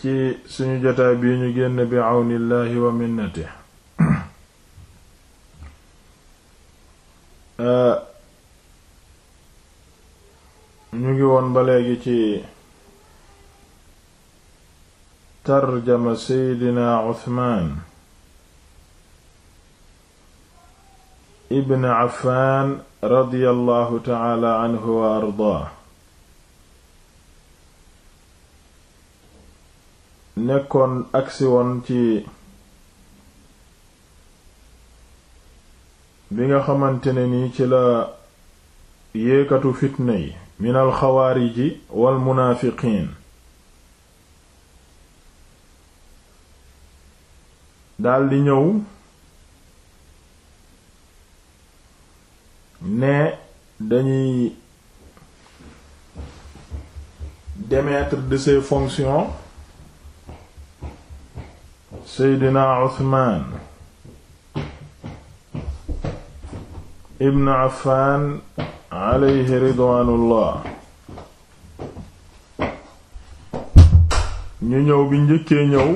ci suñu jotaay bii ñu génn bi àwnillaahi wa minnati ñu ngi woon ba léegi ci tarjama seydina Usmaan ibn Affaan taala anhu wa ardaa nekkoon agsi woon ci bi nga xamante ne nii ci la yéekatu fitna yi min alxawaariji wal munaafiqiin daldi ñëw ne dañuy démettre de ses fonctions seydina Usmaan ibn Affaan alayhi ridwaanullah ñu ñëw bi njëkkee ñëw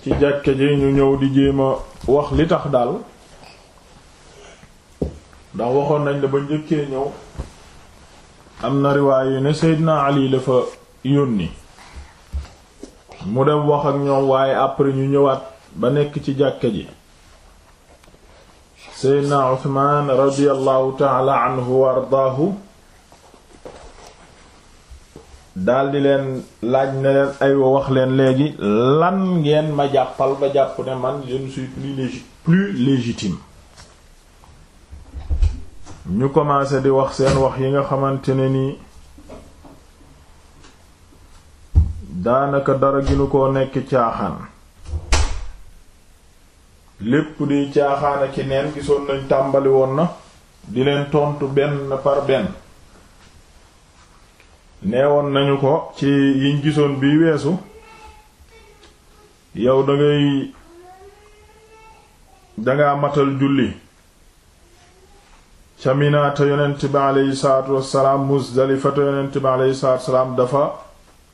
ci jàkke ji ñu ñëw di jéema wax li tax daal ndax waxoon nañ la ba njëkkee ñëw am na riwaay yu ne seydina Ali la yónni mu dem wax ak ñoom waaye après ñu ñëwaat ba nekk ci jàkka ji seydna uthman radiallahu taala anhu wa ardaahu daldi leen laaj na leen ay wax leen léegi lan ngeen ma jàppal ba jàpp ne man je ne plus légitime ñu commencé di wax seen wax yi nga xamante ne nii daanaka dara ginu ko nekk caaxaan lépp di caaxaana ci neen gisoon nañ tàmbali woon na di leen tontu benn par benn neewoon nañu ko ci yiñ gisoon bi weesu yow dangay dangaa matal julli ca Mina te yonent bi aleyhi salaatu wassalaam Muzdalifa te yonent bi aleyhi salaatu wassalaam dafa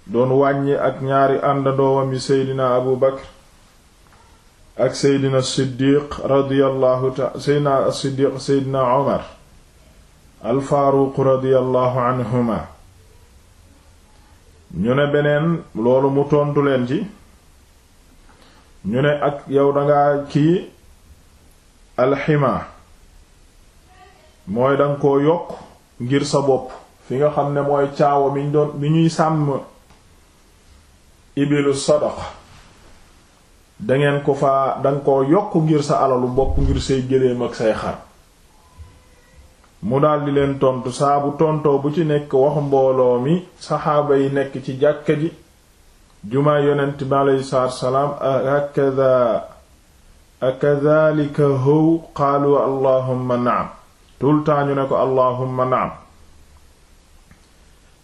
doon wàññi ak ñaari àndandoowam yi seydina abu bakr ak seydina siddiq radiyallahu ta seydina siddiq seydina omar alfaaruq anhuma ñu ne beneen loolu mu tontu leen ci ñu ne ak yow dangaa kii alxima mooy danga ko yokk ngir sa bopp fi nga xam ne mooy caawa miñ doon bi ñuy sàmm ibilu sadaqa dangeen ko fa danga ko yokk ngir sa alalu bopp ngir say gëléem ak say xar mu daldi leen tontu saabu bu tontoo bu ci nekk wax mbooloo mi saxaaba yi nekk ci jàkka ji jumaa yonent bi aleyhi salaam akada akadhalika how qaalu allahumma naam tout le temps ñu ne ko allahumma naam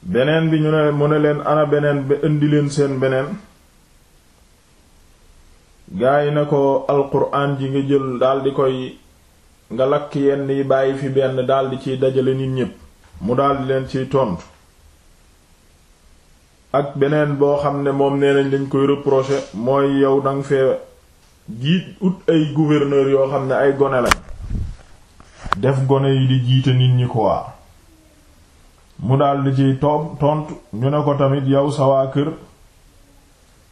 beneen bi ñu ne mu ne leen ana beneen ba indi leen seen beneen gaa yi ne ko alquran ji nga jël daldi koy nga lakk yenn yi bàyyi fi benn daldi ciy dajale nit ñépp mu daldi leen ciy tontu ak beneen boo xam ne moom nee nañ lañ koy reprocher mooy yow danga fee jiit ut ay gouverneur yoo xam ne ay gone lañ def gone yi di jiite nit ñi ko quoi mu daldi ciy toog tontu ñu ne ko tamit yow sa waa kër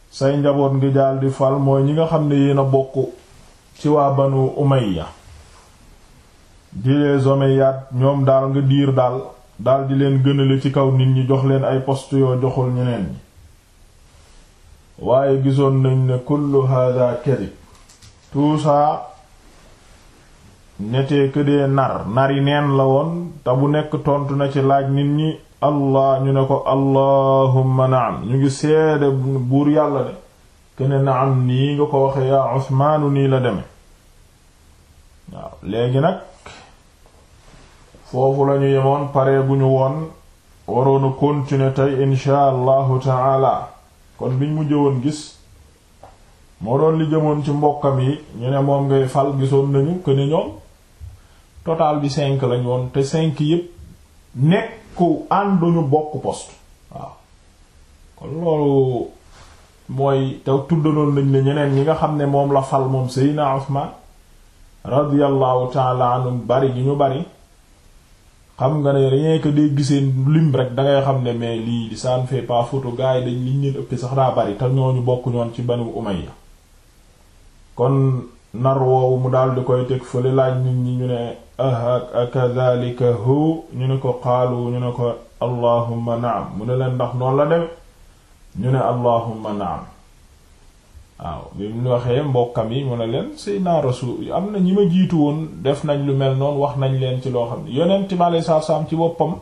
say njaboot ngi daldi fal mooy ñi nga xam ne yéen a bokk ci waa banu umayya di les omeyyades ñoom daal nga diir daal daldi leen gënale ci kaw nit ñi jox leen ay poste yoo joxul ñeneen ñi waaye gisoon nañ ne kullu hada kadib tout ñettee que dee nar nari neen la woon te bu nekk tontu na ci laaj nit ñi allah ñu ne ko allahumma naam ñu ngi seede buur yàlla de kene naam nii nga ko waxe yaa Usmaanu nii la deme waaw léegi nag foofu lañu yemoon pare bu ñu woon waroonu continuer tey inshaa allahu taala kon biñ mujj woon gis moo doon li jëmoon ci mbokkam yi ñu ne moom ngay fal gisoon nañu kene ñoom total bi cinq lañ woon te cinq yépp nekku ànduñu bokk poste waaw kon loolu mooy te tuddanoon nañ la ñeneen ñi nga xam ne moom la fal moom Seydina Usmaan radiyallahu taala bari gi ñu bari xam nga ne rien que dégg seen lim rek dangay xam ne mais lii di ça ne fait pas photo gars dañ liñ leen ëppee sax daa bari te ñooñu bokk ñoon ci Banu Umayya kon nar woowu mu daal di koy teg fële laaj nit ñi ñu ne akadhalika hu ñu ne ko qaalu ñu ne ko allahumma naam mu ne leen ndax noonu la dem ñu ne allahumma naam waaw bi waxee mbokkam yi mu ne leen say naa rasul am na ñi ma jiitu woon def nañ lu mel noonu wax nañ leen ci loo xam ne yonent bi aleyhi ci boppam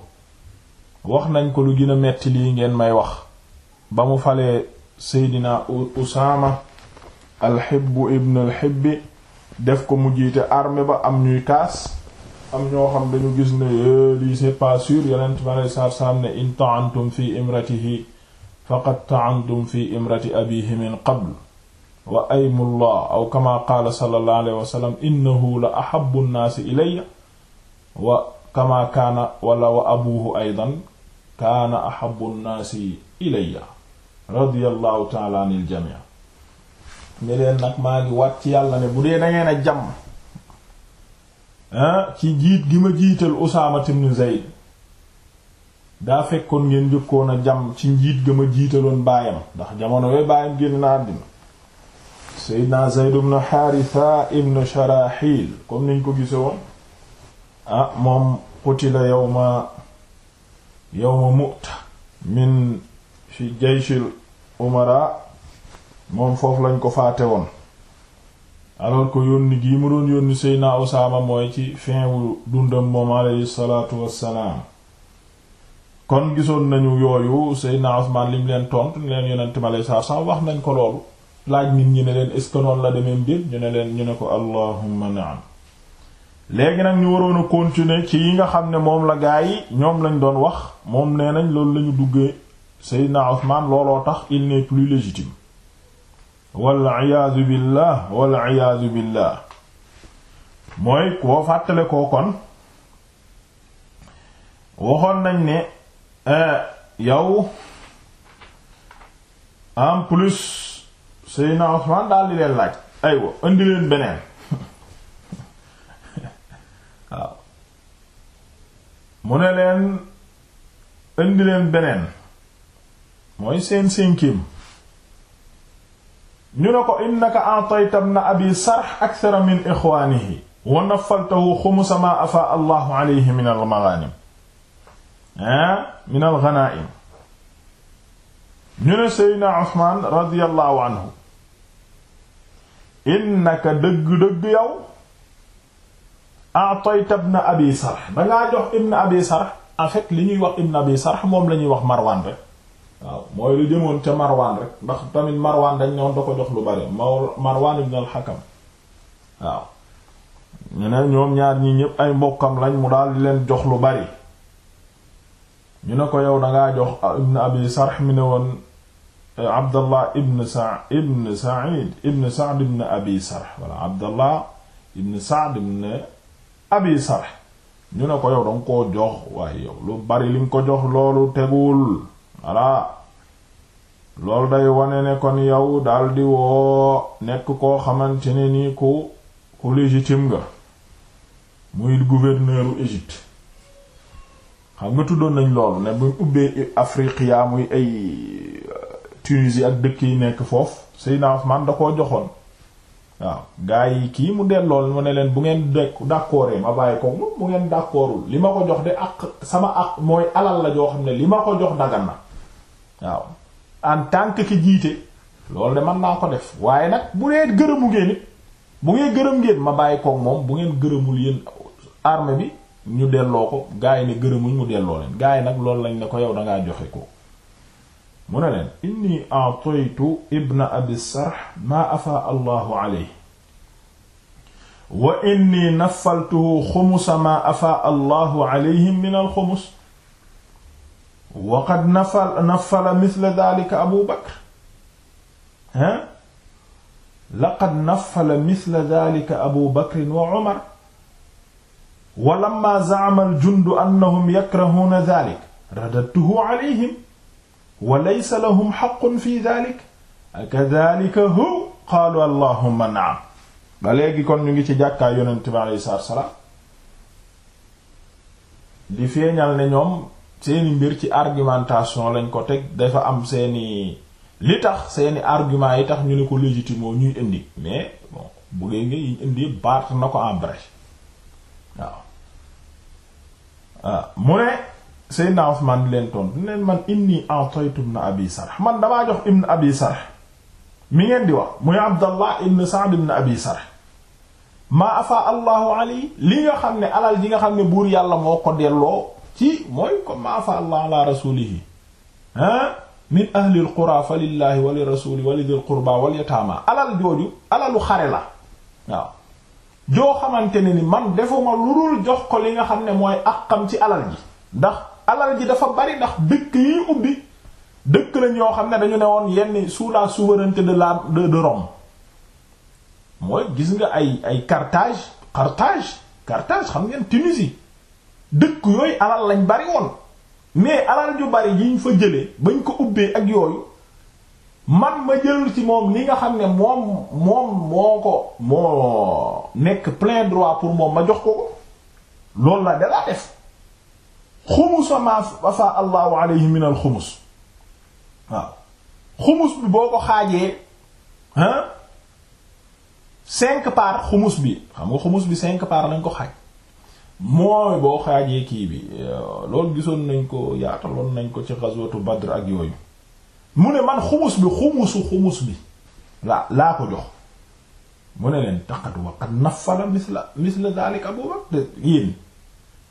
wax nañ ko lu gën a metti lii ngeen may wax ba mu falee seydina Usaama alxibbu ibn alxibbi def ko mu jiite armée ba am ñuy kaas am ñoo xam dañu gis ne eh, lii c'est pas sûr yonent bi alei saatu salaam ne in ta'antum fi imratihi faqad ta'antum fi imrati abihi min qabl wa aymullah aw kama qaala sallallahu alayhi wa sallam innahu la ahabbu nnaasi ilayya wa kama kaana wala wa abuhu aydan kaana ahabbu nnaasi ilayya radiyallahu ta'ala anil jami' ne leen nag maa ngi waat ci yàlla ne bu dee da ngeen a jàmm ah, ci njiit gi ma jiital Usaama ibn Zayd daa fekkoon ngeen njëkkoon a jàmm ci njiit gi ma jiitaloon baayam ndax jamono yooyu baayam génn na àddina Seydina Zayd ibn Haritha ibn Sharahil comme niñ ko gisee woon ah moom qutila yawma yawma Mu'ta min fi jayshil umara moom foofu lañ ko fàtte woon alors que yónni gii mu doon yónni Seydina Usaama mooy ci fin wu dundam moom aleyhi salaatu wassalaam kon gisoon nañu yooyu Seydina Usmaan lim leen tontu ne leen yonent ma lay wax nañ ko loolu laaj nit ñi ne leen est la demee mbir ñu ne leen ñu ne ko allahumma na'am léegi nag ñu waroon a ci yi nga xam ne moom la gaa yi ñoom lañ doon wax moom nee nañ loolu lañu duggee Seydina Usmaan looloo tax il n'est plus légitime waliyasu billah waliyasu billah mooy koo fàttale koo kon waxoon nañ ne eh, yow en plus Seydina Usmaan daal di leen laaj aywa indi leen beneen waaw mu ne leen indi leen beneen mooy seen cinquième ñu ne ko innaka a'tayta ibn abi sarh akthara min ixwaanihi wa naffaltahu xumusa ma afaa allahu alayhi min al maghanim ah min al ghanaim ñu ne seydna Usmaan radiyallahu anhu innaka dëgg-dëgg yow a'tayta ibn abi sarh dangaa jox ibn abi sarh en fait li ñuy wax ibn abi sarh moom la ñuy wax Marwaan rek waaw mooy lu jëmoon ca Marwan rek ndax tamit Marwan dañ ñoon da ko jox lu bari Marwan ibn al-Hakam waaw ñu ne ñoom ñaar ñi ñépp ay mbokkam lañ mu daal di leen jox lu bari ñu ne ko yow dangaa jox ibn Abi Sarh mi ne woon eh, Abdallah ibn Sa'd ibn Sa'id ibn danga koo jox waaye yow lu bari li nga ko jox loolu tegul voilà loolu day wane ne kon yow daldi woo nekk koo xamante ne nii ku ku légitime nga muy gouverneuru Égypte xam nga tuddoon nañ loolu ne buñ ubbee Afriqiya muy ay euh, Tunisie ak dëkk yi nekk foofu Seydina man da koo joxoon waaw gaa yi kii mu dellool mu ne leen bu ngeen d'accordé ma bàyyi ko bu ngeen d'accordul li ma ko jox de ak sama ak mooy alal la joo xam ne li ma ko jox dagan na waaw en tant que ki jiite loolu de mën naa ko def waaye nag bu dee gërëmu ngeen bu ngeen gërëm ngeen ma bàyyi koog moom bu ngeen gërëmul yéen arme bi ñu delloo ko gaa yi ne gërëmuñ mu delloo leen gaa yi nag loolu lañ ne ko yow dangaa joxe ko mu ne leen inni a'taytu ibna abi sarh maa afaa allahu alayhi wa inni nafaltuhu xumusa maa afaa allahu alayhim min al xumus waqad nafal nafala mithla dhalika abu bakr hein laqad nafala mithla dhalika abu bakr wa umar wa lamma za'ama al-jund annahum yakrahuna dhalika radadtuhu alayhim wa laysa lahum haqqun fi dhalika akadhalika hu qaalu allahumma na'am ba léegi kon ñu ngi ci jàkkaay yonent bi alayhi salaam di feeñal ne ñoom seeni mbir ci argumentation lañ ko teg dafa am seeni li tax seeni argument yi tax ñu ne ko légitime ñuy indi mais bon bu dee nga yiñ indi baat na ko en bref waaw waaw ah, mu ne Seydina Usmaan di leen tontu ne man inni a'taytu na Abi Sarh man damaa jox ibn Abi Sarh mi ngeen di wax muy Abdallah ibn Sa'd na Abi Sarh maa afa allahu ali li nga xam ne alal ji nga xam ne buur yàlla moo ko delloo ci mooy comme ma afa allah ala rasulihi ah min ahlil qura fa lillahi wa li rasuli wa li dil qurba yataama alal jooju alalu xare la waaw joo xamante ne ni man defuma lu dul jox ko li nga xam ne mooy àqam ci alal ji ndax alal ji dafa bari ndax dëkk yi ubbi dëkk lañ yoo xam ne dañu ne woon yenn sous la souveraineté de la de de mooy gis nga ay ay Carthage Carthage Carthage xam ngeen Tunisie dëkk yooyu alal lañ bari woon mais alal ju bari ñu fa jëlee bañ ko ubbee ak yooyu man ma jël ci moom li nga xam ne moom moom moo ko moo nekk plein droit pour moom ma jox ko ko loolu la dalaa def xumusa ma afa allahu alayhi min al xumus waaw xumus bi boo ko xaajee hein cinq parts xumus bi xam nga xumus bi cinq parts lañ ko xaaj mooy boo xaajee kii bi euh, loolu gisoon nañ ko yaataloon nañ ko ci ghazwatu Badr ak yooyu mu ne man xumus bi xumusu xumus bi laa laa ko jox mu ne leen taqat wa qad naffala misla misla dalik Abu Bakr yéen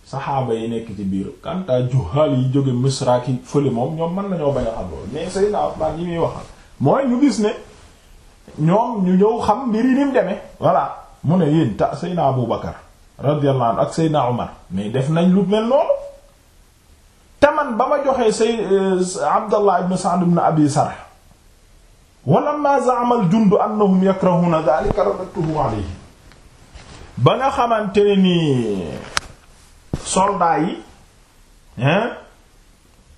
saxaaba yi nekk ci biir kanta juhaal yi jóge Misra ki fële moom ñoom mën nañoo bañ a loolu mais say naa man yi muy waxal mooy ñu ñu ñëw xam mbir yi voilà mu ne yéen ta Seydina Abu Bakar radiyallahu anhu ak Seydina Omar mais def nañ lu mel noonu te man ba ma joxee say euh, Abdallah ibn Sa'd ibn Abi Sarh wa lamma za'ama al-jund annahum yakrahuna dhalika raddatuhu alayhi ba nga xamante ne ni soldats yi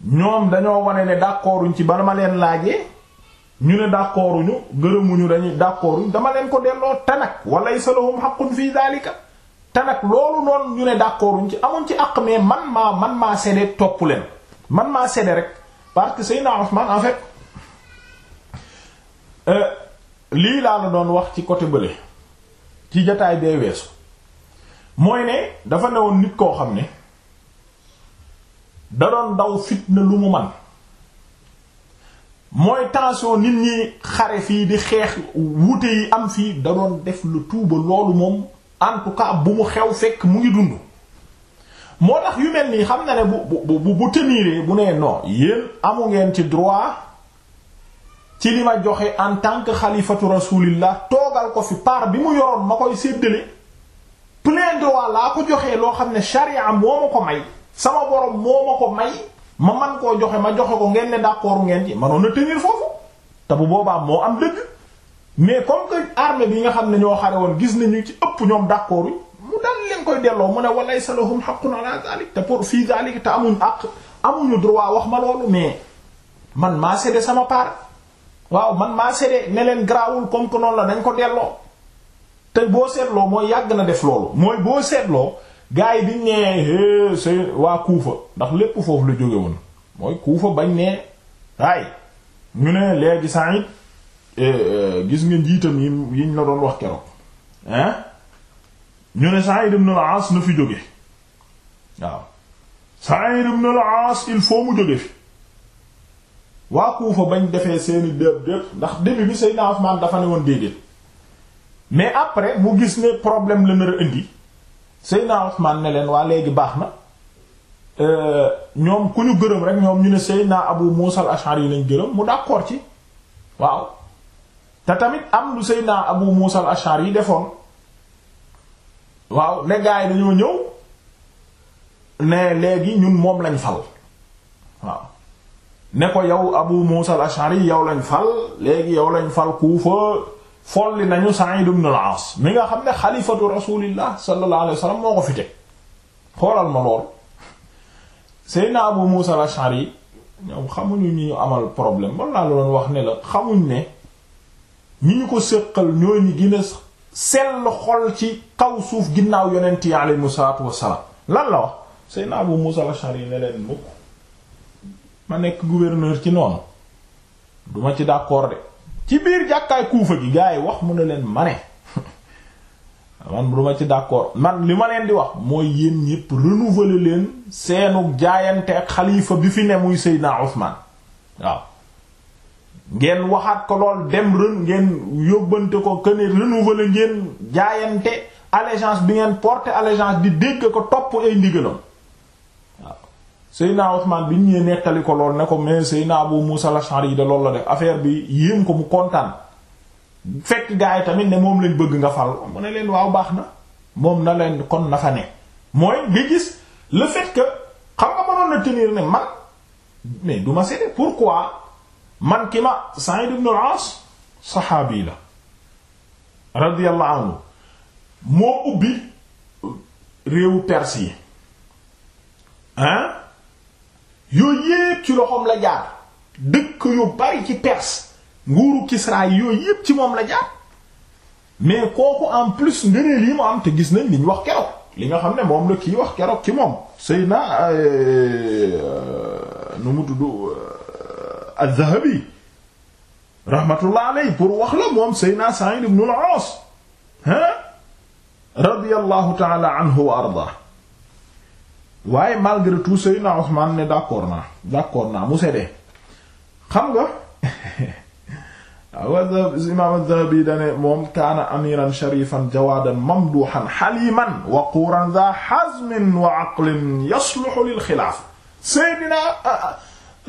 ñoom dañoo wane ne d'accorduñ ci ba ma leen laajee ñu ne d'accorduñu gërëmuñu dañuy d'accorduñ dama leen ko delloo tanak wa laysa lahum haqqun fi dhalika te nag loolu noonu ñu ne d'accord ci amoon ci àq mais man maa man maa séddee topp leen man maa séddee rek parce que Seydina Ousmane en fait euh, lii laa la doon wax ci côté bële ci jotaay bee weesu mooy ne dafa newoon nit koo xam ne da doon daw fitna lu mu man mooy tension nit ñi xare fii di xeex wuute yi am fii da doon def lu tuuba loolu moom. en tout bu mu xew fekk mu ngi dund moo tax yu mel nii xam na ne bu bu bu bu teniiree bu nee non yéen amu ngeen ci droit ci li ma joxe en tant que xalifatu rasulillah toogal ko fi paar bi mu yoroon ma koy séddale plein droit laa ko joxe loo xam ne charia moo ma ko may sama borom moo ma ko may ma man koo joxe ma joxe ko ngeen ne d'accord ngeen ci manoon na tenir foofu te bu boobaa moo am dëgg mais comme que armée bi nga xam ne ñoo xare woon gis nañu ci ëpp ñoom d'accord mu daan leen koy delloo mu ne walay sa lahum haqqun ala zalik te pour fii zalik te amuñ àq amuñu droit wax ma loolu mais man maa cédé sama part waaw man maa cédé ne leen garaawul comme que noonu la dañ ko delloo te boo seetloo mooy yàgg na def loolu mooy boo seetloo gars yi biñ ne é eh, c'est waa Kuufa ndax lépp foofu la jóge woon mooy Kuufa bañ ne ay ñu ne léegi Sa'id Eh, eh, gis nga njiitam yi yiñ la doon wax keroog hein ñu ne Sa'id ibn al-As na fi jóge waaw Sa'id ibn al-As il faut mu jóge fi waa Kufa bañ defee seeni déeb déeb ndax début bi Seydina Usmaan dafa ne woon déedéet mais après mu gis ne problème la nar indi Seydina Usmaan ne leen waa léegi baax na eh, ñoom ku ñu gërëm rek ñoom ñu ne naa Abu Muusa al yi lañ gërëm mu d'accord ci waaw te tamit am lu Seydina Abu Muusa al-Ash'ari yi defoon waaw ne gaa yi dañoo ñëw ne léegi ñun moom lañ fal waaw ne ko yow Abu Muusa al-Ash'ari yow lañ fal léegi yow lañ fal Kuufa folli nañu Sa'id ibn al-As mi nga xam ne xalifatu rasulillah sallallahu alayhi wasallam moo ko fi xoolal ma lool Seydina Abu Muusa al-Ash'ari ñoom xamuñu ñu amal problème man laa la doon wax ne la xamuñ ne ñi ñu ko séqal ñooy ñi gën a sell xol ci kaw suuf ginnaaw yonent yi aleyhimu salaatu wassalaam lan la wax Seydina Abu Muusa al-Ash'ari ne leen mukk ma nekk gouverneur ci noonu duma ci d'accord de ci biir jàkkaay kuufa gi gaa yi wax mu ne leen mane ne man duma ci d'accord man li ma leen di wax mooy yéen ñépp renouveler leen seenu jaayante ak xalifa bi fi ne muy seynaa Usmaan waaw ngeen waxaat ko lool dem ren ngeen yóbbante ko que ne renouveler ngeen jaayante allégeance bi ngeen porter allégeance di dégg ko topp ay ndigalam waaw Seydina Ousmane bi ñu nettali ko lool ne ko mais Seydina Abu Musa al-Ash'ari yi da loolu la def affaire bi yéem ko mu kontaan fekk gaa tamit ne moom lañ bëgg nga fal mu ne leen waaw baax na moom na leen kon na ne mooy nga gis le fait que xam nga mënoon na tenir ne man mais du ma céder pourquoi. man ki ma Sa'id ibn al saxaabi la radiyallahu anhu moo ubbi réewu Perse yi hein yooyu yépp ci loxoom la jaar dëkk yu bari ci Perse nguuru Kisra yi yépp ci moom la jaar mais kooku en plus ngëneel yi mu am te gis nañ liñ wax keroog li nga xam ne moom la kii wax keroog ci moom na euh, nu mu tudd euh, az-Zahabi rahmatullah alayhi pour wax la moom Seydina Sa'id ibn al-Aas ah radiyallahu ta'ala anhu wa arda waaye malgré tout Seydina Ousmane ne d'accord naa d'accord naa mu sedde xam nga wa imaam az-Zahabi dane moom kaana amiran sharifan jawaadan mamduhan haliman waquuran dha hazmin wa aqlin yasluhu lil xilaaf Seydina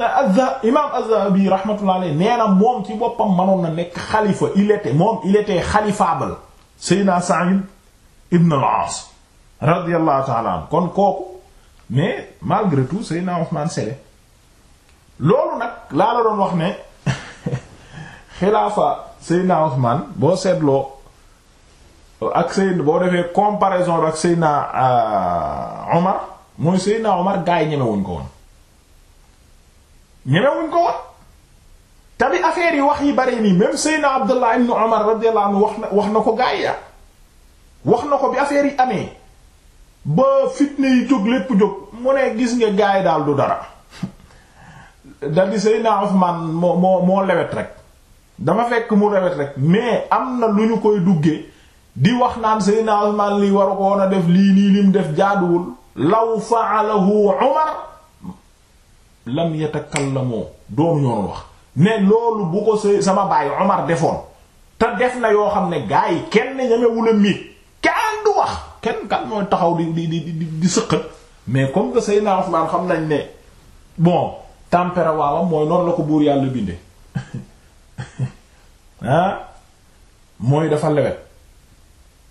azza imaam az-Zahabi rahmatullahi alayhi nee na moom ci boppam mënoon na nekk xalifa il était moom il était xalifable Seydina ibn al-As radiyallahu ta'ala anhu kon kooku mais malgré tout Seydina Ousmane Sele loolu nag laa la doon wax ne xilaafa Seydina Ousmane boo seetloo ak Seydina boo defee comparaison ak Seydina euh, Omar mooy Seydina Omar gaa yi ñemewuñ ko woon. ñemewuñ ko wax tabi affaire yi wax yi bari nii même Seydina Abdullah ibn Umar radiyallahu anhu wax na wax na ko gaay ya wax na ko bi affaire yi amee ba fitne yi jóg lépp jóg mu ne gis nga gaay daal du dara daldi Seydina Usmaan moo moo moo lewet rek dama fekk mu lewet rek mais am na lu ñu koy duggee di wax naan Seydina Usmaan li waru ko woon a def lii nii lim def jaaduwul law fa'alahu Umar lam yatakallamu doonu ñoonu wax ne loolu bu ko sa sama baay Omar defoon te def na yoo xam ne gaa yi kenn ñamewula miit kenn du wax kenn kan mooy taxaw di di di di sëqat mais comme que Seydina Ousmane xam nañ ne bon tempérament waawam mooy noonu la ko buur yàlla bindee ah mooy dafa lewet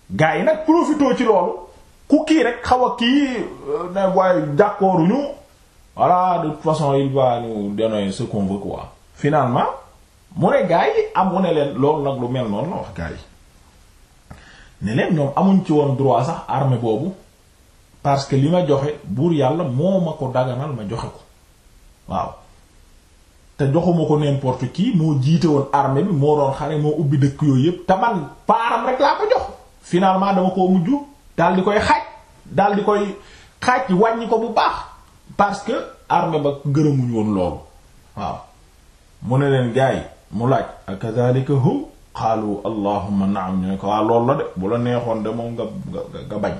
gaa yi nag profitoo ci loolu ku kii rek xaw a kii euh, ne waaye jàkkooruñu voilà de toute façon il va nous donner ce qu'on veut quoi mu ne gars am ah, mu ne leen loolu nag lu mel noonu la wax gars yi leen ñoom amuñ ci woon droit sax armée boobu parce que li ma joxe buur yàlla moo ma ko daganal ma joxe ko waaw te joxuma ko n'importe kii moo jiite woon armée bi moo doon xare moo ubbi dëkk yooyu yépp te man paaram rek laa ko jox finalement dama koo mujj daal di koy xaaj daal di koy xaaj wàññi ko bu baax parce que armée ba gërëmuñ woon loolu waaw mu ne leen gars mu laaj akadhalika hum qaalu allahumma naam ñu ne ko waa ah, loolu la de bu la neexoon de moom nga nga nga bañ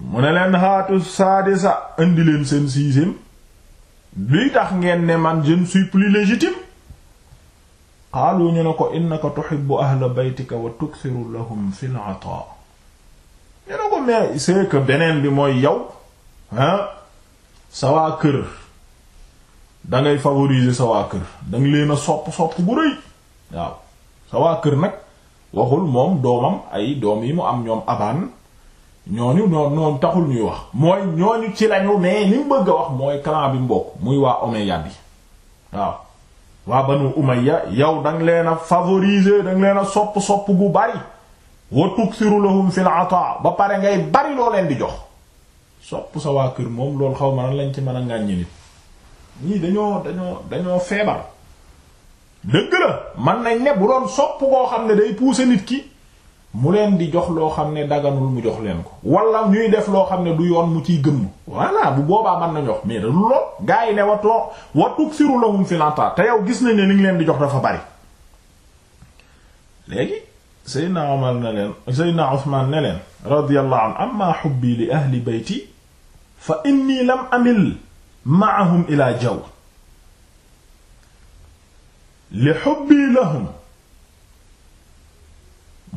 mu ne leen haatu saadisa indi leen seen sixième luy tax ngeen ne man je ne suis plus qaalu ñu ne ko innaka tuhibbu ahla baytika wa tukthiru lahum fil ata ñu ne ko mais c'est beneen bi mooy yow ah sa kër dangay favoriser sa waa kër danga leen a sopp sopp bu rëy waaw sa kër nag waxul moom doomam ay doom yi mu am ñoom abaan ñooñu noon noonu taxul ñuy wax mooy ñooñu ci lañu mais li mu bëgg a wax mooy clan bi mbokk muy waa Omeyyad bi waaw waa Banu Umayya yow danga leen a favoriser danga leen a sopp sopp bu bari wa tuksiru lahum fil ata ba pare ngay bari loo leen di jox sopp sa waa kër moom loolu xaw ma nan lañ ci mën a ngàññi nit ñii dañoo dañoo dañoo feebar dëgg la man nañ ne bu doon sopp koo xam ne day pousser nit ki mu leen di jox loo xam ne daganul mu jox leen ko wala ñuy def loo xam ne du yoon mu ciy gëmm voilà bu boobaa mën na wax mais da lool gaa yi ne watoo watuk siru lahum fi lanta te yow gis nañ ne li ngi leen di jox dafa bari léegi Seydina Omar ne leen Seydina Usman ne leen radiyallahu anhu amma hubbi li ahli fa inni lam amil maahum ila jaw li xubbii lahum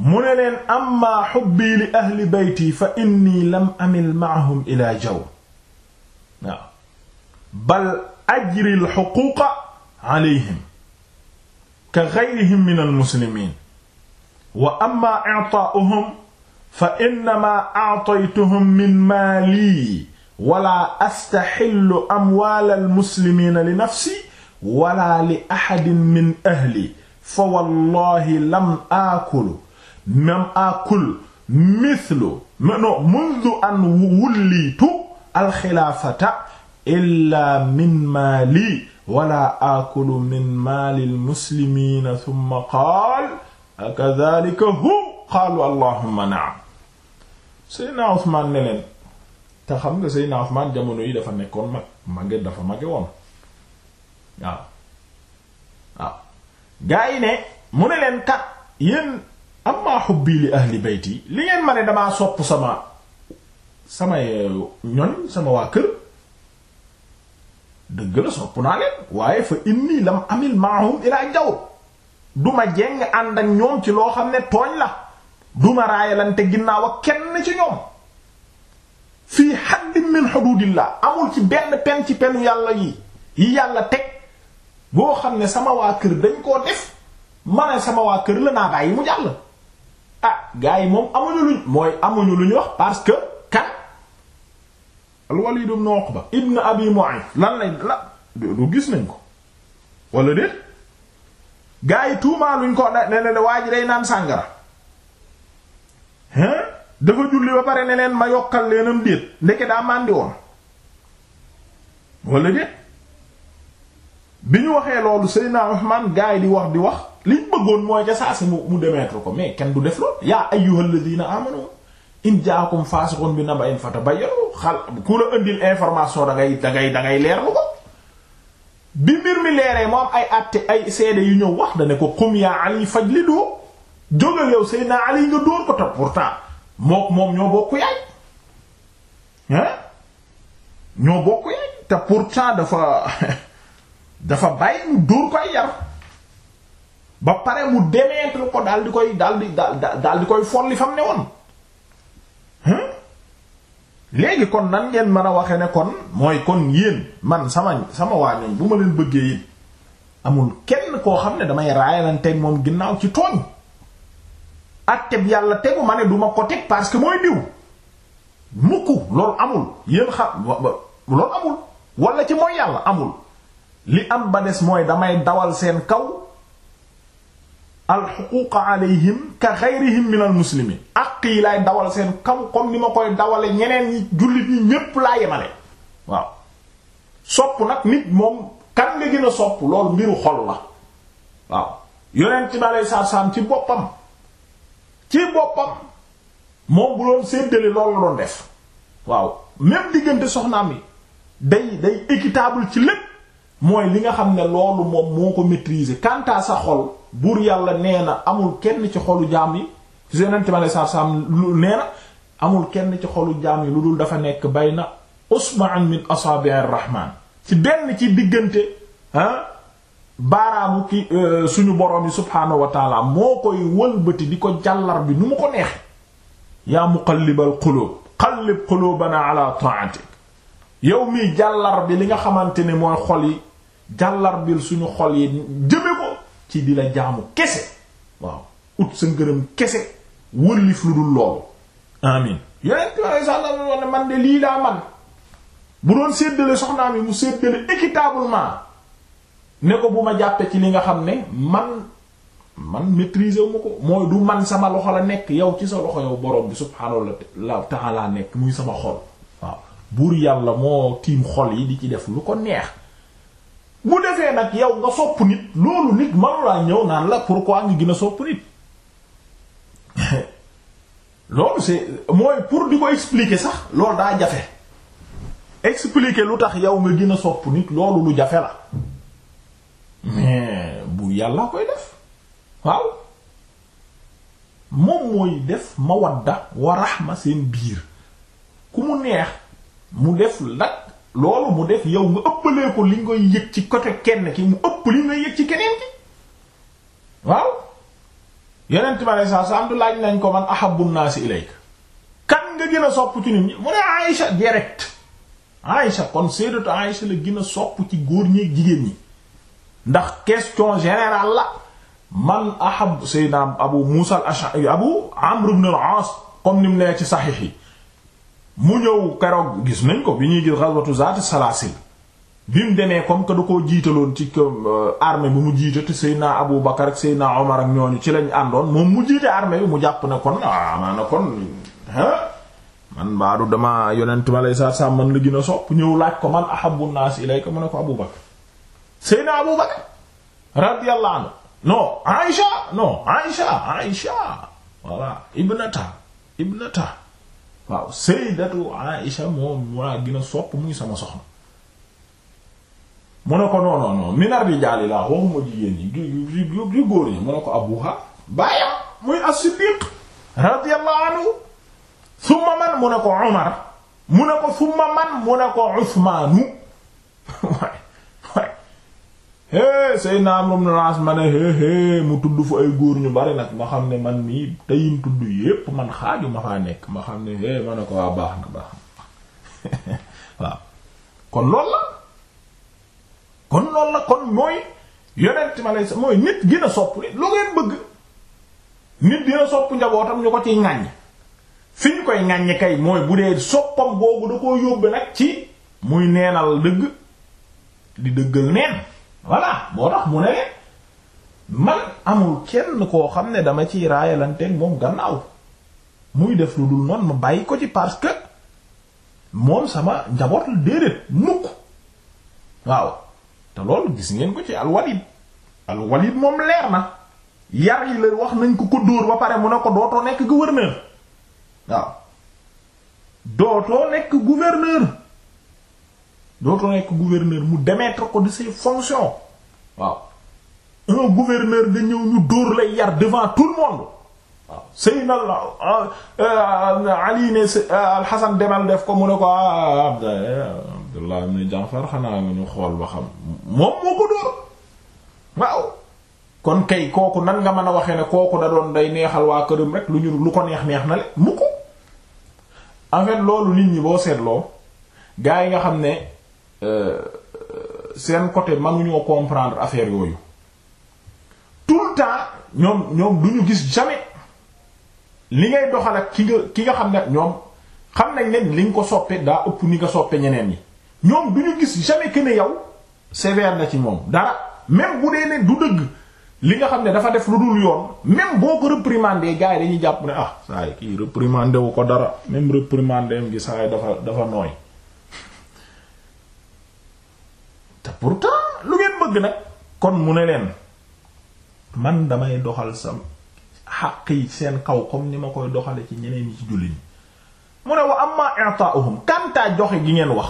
mu ne leen amma xubbii li ahli beyti fa inni lam amil maahum ila jaw waaw bal ajri alxuquuqa alayhim ka gayrihim min almuslimin wa amma i'taa'uhum fa innamaa a'taytuhum min maali wala astaxillu amwaal almuslimiina li nafsi wala li axadin min ahli fa wallahi lam aakulu lam aakul mithlu no mundu an wulliitu alxilaafata illaa min maali wala aakulu min maali almuslimiina summa qaal akadhalika hum qaalu allahumma na'am Seydina Usmaan ne leen te xam nga Seydina Usmaan jamono yi dafa nekkoon mag mage dafa mage woon waaw waaw gaa yi ne mu ne leen kat yéen amma hubbi li ahli bayti li ngeen ma ne damaa sopp sama samay eh, ñoñ sama waa kër dëgg la sopp naa leen waaye fa inni lam amil maahum ilaa jawr du ma jeng ànd ak ñoom ci loo xam ne tooñ la du ma raayalante ginnaaw ak kenn ci ñoom fii haddin min hududillah amul ci benn pen ci penu yàlla yi yi yàlla teg boo xam ne sama waa kër dañ koo def ma sama waa kër la naa bàyyi mu jàll ah gars moom amuñu luñ mooy amuñu lu ñu wax parce que kan al-Walid ibn Uqba ibn Abi Mu'ayth lan lay la du gis nañ ko wala déet gars yi tuumaa luñ ko ne ne waa ji day naan sàngara hein dafa julli ba pare ne leen ma yokkal leenam déet ndeke daa màndi woon wala déet bi ñu waxee loolu Seydina Usmaan yi di wax di wax liñ bëggoon mooy ca saa si mu mu demetre ko mais kenn du def lool yaa ayyuhal ladina amanu in jaakum faasiqun bi naba'in fatabayyanu xal ku la indil information da ngay da leer lu ko bi mbir mi leeree moom ay àtte ay seede yu ñëw wax da ne ko qum yaa Ali fajlidu jógal yow Seydina Ali nga dóor mook moom ñoo bokk yaay hein ñoo bokk yaay te pourtant dafa dafa bàyyi mu dóor koy yar ba pare mu démettre ko daal di koy daal di daal di koy folli fam ne woon hein léegi kon nan ngeen mën a waxe ne kon mooy kon yéen man sama sama waa ñoñ bu ma leen bëggee yit amul kenn koo xam ne damay raayalante moom ginnaaw ci tooñ atteb yàlla tegu ma ne duma ko teg parce que mooy diw mukk loolu amul yéen xam loolu amul wala ci mooy yàlla amul li am ba des mooy damay dawal seen kaw alxuquqa alayhim ka xayrihim min al muslimin àq yi laay dawal seen kaw comme ni ma koy dawale ñeneen ñi jullit ñi ñépp laa yemale waaw sopp nag nit moom kan nga gën a sopp loolu mbiru xol la waaw yonent bi aleyhi salaatu salaam ci boppam ci boppam moom bu doon séddale loolu la doon def waaw même diggante soxnaam yi day day équitable ci lépp mooy li nga xam ne loolu moom moo ko maîtriser quant sa xol buur yàlla nee na amul kenn ci xolu jaam yi ci yonente ma ne sarsam lu nee na amul kenn ci xolu jaam yi lu dul dafa nekk bayna usba'an min asabi'ir rahman ci benn ci diggante ah baaraamu ki euh, suñu borom yi subhaanahu wa taala moo koy wëlbati di ko jàllar bi nu mu ko neexe yaa muqallibal qulub qallib qulubana ala ta'atik yow mii jàllar bi li nga xamante ne mooy xol yi jàllar suñu xol yi jëme ko ci di la jaamu kese waaw ut sa ngërëm kese wëllif lu dul loolu amin yonent bi alei sat ne man de lii laa man bu doon séddale soxnaam yi mu séddale équitablement ne ko bu ma jàppee ci li nga xam ne man man maîtriser wu ma ko mooy du man sama loxo la nekk yow ci sa loxo yow borom bi subhaanahu wa ta'ala nekk muy sama xol waaw buur yàlla moo tiim xol yi di ci def lu ko neex bu defee nag yow nga sopp nit loolu nit manu laa ñëw la pourquoi nga gën a sopp nit loolu c'est mooy pour di ko expliquer sax loolu daa jafe expliquer lu tax yow nga gën a sopp nit loolu lu jafe la mais bu yàlla koy def waaw moom mooy def mawadda wa rahma seen biir ku mu neex mu def lak loolu mu def yow nga ëppalee ko li nga yëg ci côté kenn ki mu ëpp li nga yëg ci keneen ki waaw yeneen ma ne saa saa laaj nañ ko man ahabbu naasi ilayka kan nga gën a sopp ci nit ñi mu ne Aïcha direct Aïcha kon sayyidatu Aïcha la gën a sopp ci góor ñi jigéen ñi ndax question générale la man ahab sayyidina abu musa al-ash'ari abu amr ibn al-aas comme ni mu ci saxiix yi mu ñëw keroog gis nañ ko bi ñuy gis ghazwatu zaat salaasil bi mu demee comme que da koo ci euh, armée bi mu jiite te Seydina Abu Bakar ak Seydina Omar ak ñooñu ci lañ àndoon moom mu jiite armée bi mu jàpp ne kon ah maanaam kon ah man baadu dama yonent ma saa man la gën a sopp ñëw laaj ko man ahabbu naas ilayka mu ne ko Abu Bakar Seydina Abu Bakr radiyallahu anhu non Aïcha non Aïcha Aïcha voilà ibnata ibnata waaw sayyidatu Aïcha moom waa gën a sopp muy sama soxna mu ne ko non non non minar bi jaali laa waxuma jigéen ñi di di góor ñi mu ne ko abuha baayam muy as-Siddiq radiyallahu anhu summa man mu ne ko Umar mu ne ko summa man mu ne ko Usmaanu hé Seydina Amr ibn al ma ne hé hé mu tudd fu ay góor ñu bari nag ma xam ne man mii te yim tudd yépp man xaaju ma faa nekk ma xam ne hé ma ne ko waa baax na baax na waaw kon lool na kon lool la kon mooy yonent ma lay mooy nit gën sopp li loo ngeen bëgg nit dina sopp njabootam ñu ko ciy ŋàññ fi ñu koy ŋàññ kay mooy bu dee soppam googu da koo yóbbe nag ci muy neenal dëgg di dëggal neen voilà moo tax mu ne man amul kenn koo xam ne dama ciy raayalanteeg moom gannaaw muy def lu dul noonu ma bàyyi ko ci parce que moom sama njaboot la déedéet mukk waaw te loolu gis ngeen ko ci alwalid alwalid moom leer na yar yi la wax nañ ko ko dóor ba pare mu ne ko dootoo nekk gouverneur waaw dootoo nekk gouverneur dootu nekk gouverneur mu démettre ko de ses fonctions waaw un gouverneur nga ñëw ñu dóor lay yar devant tout le monde waaw Seydina euh, Ali ne euh, Al-Hasan demal def ko mu ne ko ah, Abdallah ibn Jaafar xanaa moom moo ko dóor waaw kon kay kooku nan nga mën a waxee ne kooku da doon day neexal waa këram rek lu ñu lu ko neex neex na le mu ko en loolu nit ñi boo seetloo gaa yi nga xam ne Euh, euh, seen côté mënuñoo comprendre affaire yooyu tout le temps ñoom ñoom duñu gis jamais li ngay doxal ak ki nga ki nga xam ne ñoom xam nañ ne li nga ko soppe daa ëpp ni nga soppe ñeneen ñi ñoom duñu gis jamais que ne yow sévère na ci moom dara même bu dee ne du li nga xam ne dafa def lu dul yoon même boo ko réprimander gars yi jàpp ne ah saa yi kii réprimander wu ko dara même réprimander am gi saa yi dafa dafa nooy pourtant lu ngeen bëgg nag kon mu ne leen man damay doxal sam xaq yi seen kaw comme ni ma koy doxale ci ñeneen ñi ci julli ñi mu ne wa amma i'ta'uhum kantaa joxe gi ngeen wax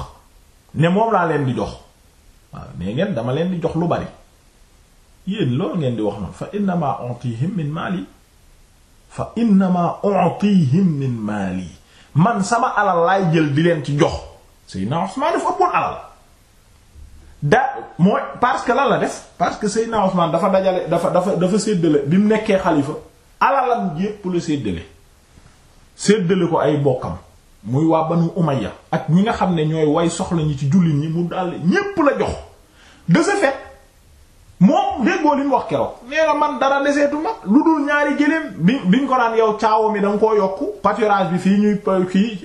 ne moom laa leen di jox waaw nee ngeen dama leen di jox lu bari yéen loolu ngeen di wax noonu fa innama u'tihim min mali fa innama u'tihim min mali man sama alal laay jël di leen ci jox Seydina Usmaan dafa ëppoon alal da mooy parce que lan la def parce que Seydina Ousmane dafa dajale dafa dafa dafa séddale bi mu nekkee xalifa alalam yépp la séddale séddale ko ay bokkam muy waa Banu Umayya ak ñi nga xam ne ñooy way soxla ñi ci jullit ñi mu dal ñépp la jox de ce moom déggoo li mu wax keroog nee na man dara deseetu ma lu dul ñaari gëléem bi ñu ko naan yow caawa mi da nga koo yokku pâturage bi fii ñuy kii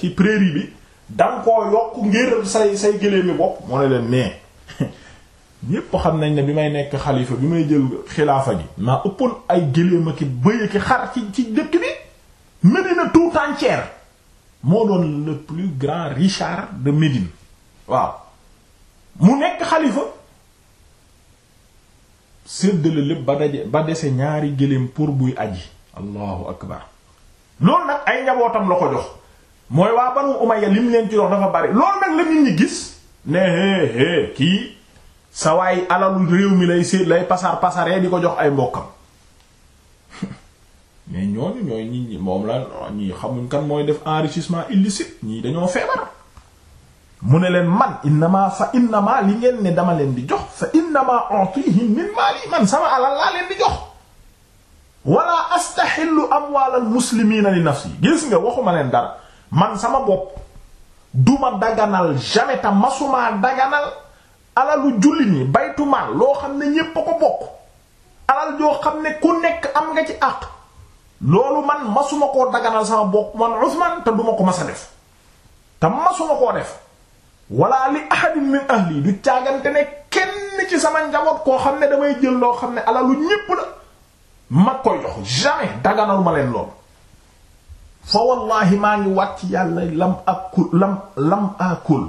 ci prairie bi danga koo yokk ngir say say gëléemi bopp mu ne leen mais ñépp xam nañ ne bi may nekk xalifa bi may jël xilaafa gi maa ëppoon ay gëléem ki bëy ki xar ci ci dëkk bi Médina tout entière moo doon le plus grand Richard de Médine waaw mu nekk xalifa séddale lépp ba daje ba dese ñaari gëléem pour buy aji allahu akbar loolu nag ay njabootam la ko jox mooy waa Banu Umayya lim leen ci dox dafa bari loolu nag la nit ñi gis ne hee hee kii sa waay alalu réew mi lay séet lay pasar pasaree di ko jox ay mbokkam mais ñooñu ñooy nit ñi moom la ñi xamuñ kan mooy def enrichissement illicite ñii dañoo feebar mu ne leen man innama fa innama li ngeen ne dama leen di jox sa innama utihim min mali man sama alal laa leen di jox wala astaxillu amwal al muslimina li nafsi gis nga waxuma leen dara man sama bopp duma daganal jamais ta masumaa daganal alalu jullit ñi baytu loo xam ne ñépp a ko bokk alal joo xam ne ku nekk am nga ci àq loolu man masuma koo daganal sama bopp man Usman te duma ko masa def te masuma koo def wala li ahadin min ahli du càggante ne kenn ci sama njaboot koo xam ne damay jël loo xam ne alalu ñépp la ma koy jox jamais daganal ma leen lool fa wallahi maa ngi wat ci yàlla lam akul lam lam akul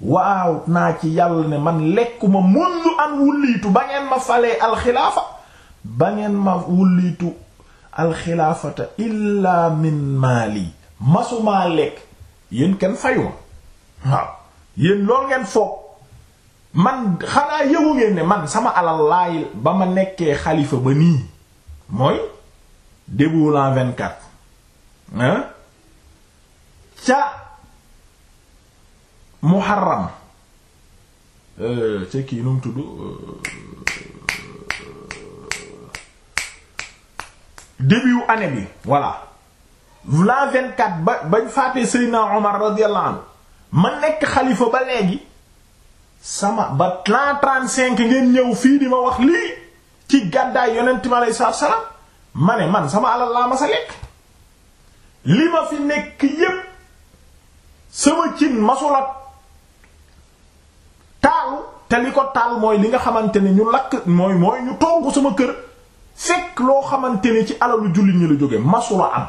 waaw naa ci yàlla ne man lekkuma mundu an wulliitu ba ngeen ma falee alxilaafa ba ngeen ma wulliitu alxilaafata illaa min maali masumaa lekk yéen kenn fayuma waaw yéen lool ngeen foog man xanaa yëgu ngeen ne man sama alal laay ba ma nekkee xalifa ba nii mooy début l'an 24 ca muharram euh, ca kii num tudd euh, début wu année bi voilà l'an vingt-quatre ba bañ faatee Seydina Omar radiyallahu anhu ma nekk xalifa ba leegi sama ba l'an trente ngeen ñëw fii di ma wax lii ci gàddaay yonent mi alayhi ma ne man sama alal laa ma sa lekk li ma fi nekk yépp sama cin masulat taalu te li ko taal mooy li nga xamante ni ñu lakk mooy mooy ñu togg sama kër fekk loo xamante ni ci alalu jullit ñi la jóge masula am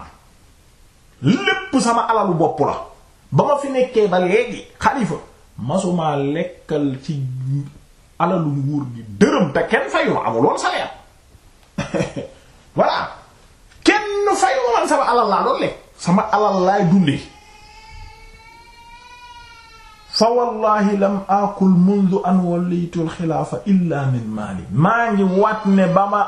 lépp sama alalu bopp la ba ma fi nekkee ba léegi xalifa masumaa lekkal ci alalu nguur gi dërëm te kenn fayuma amul woon salaire voilà kenn fayuma man sama alal laa doon lekk sama alal laay dunde fa wallahi lam akul mundu an wallaytu alxilaafa illa min maali maa ngi wat ne ba ma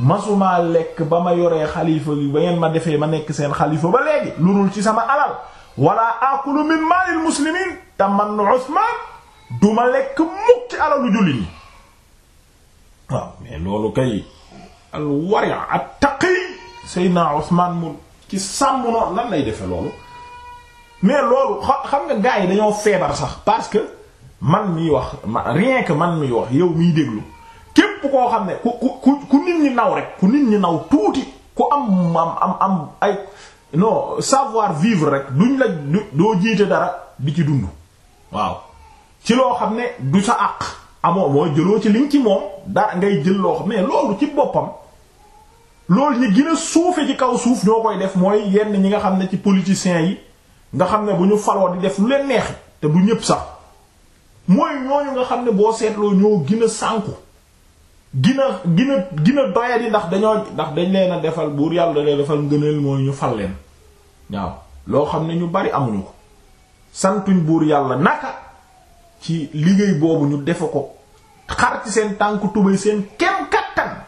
masumaa lekk ba ma yoree xalifa bi ba ngeen ma defee ma nekk seen xalifa ba léegi lu dul ci sama alal wala akulu min maalil muslimiin te man Usmaan duma lekk mukk alalu jullit ñi waaw loolu kay al taqi Seydina Usmaan mu ci sàmm noonu nan lay defee loolu mais loolu xam nga gars yi dañoo feebar sax parce que man miy wax rien que man miy wax yow miy déglu képp koo xam ne ku ku ku nit ñi naw rek ku nit ñi naw tuuti ku am am am am ay non savoir vivre rek duñ la doo jiite dara di ci dund waaw ci loo xam ne du sa àq amoo mooy jëloo ci liñ ci moom dara ngay jël loo xam ne loolu ci boppam. loolu ñi gina suufe ci kaw suuf ñoo koy def mooy yenn ñi nga xam ne ci politiciens yi nga xam ne bu ñu faloo di def lu leen neex te du ñëpp sax mooy ñooñu nga xam ne boo seetloo ñoo gën a sànku gën a gën a gën ndax dañoo ndax dañ leen a defal buur yàlla leen defal ngëneel mooy ñu fal leen waaw loo xam ne ñu bari amuñu ko santuñ buur yàlla naka ci liggéey boobu ñu defe ko xar ci seen tànk tubay seen kem kat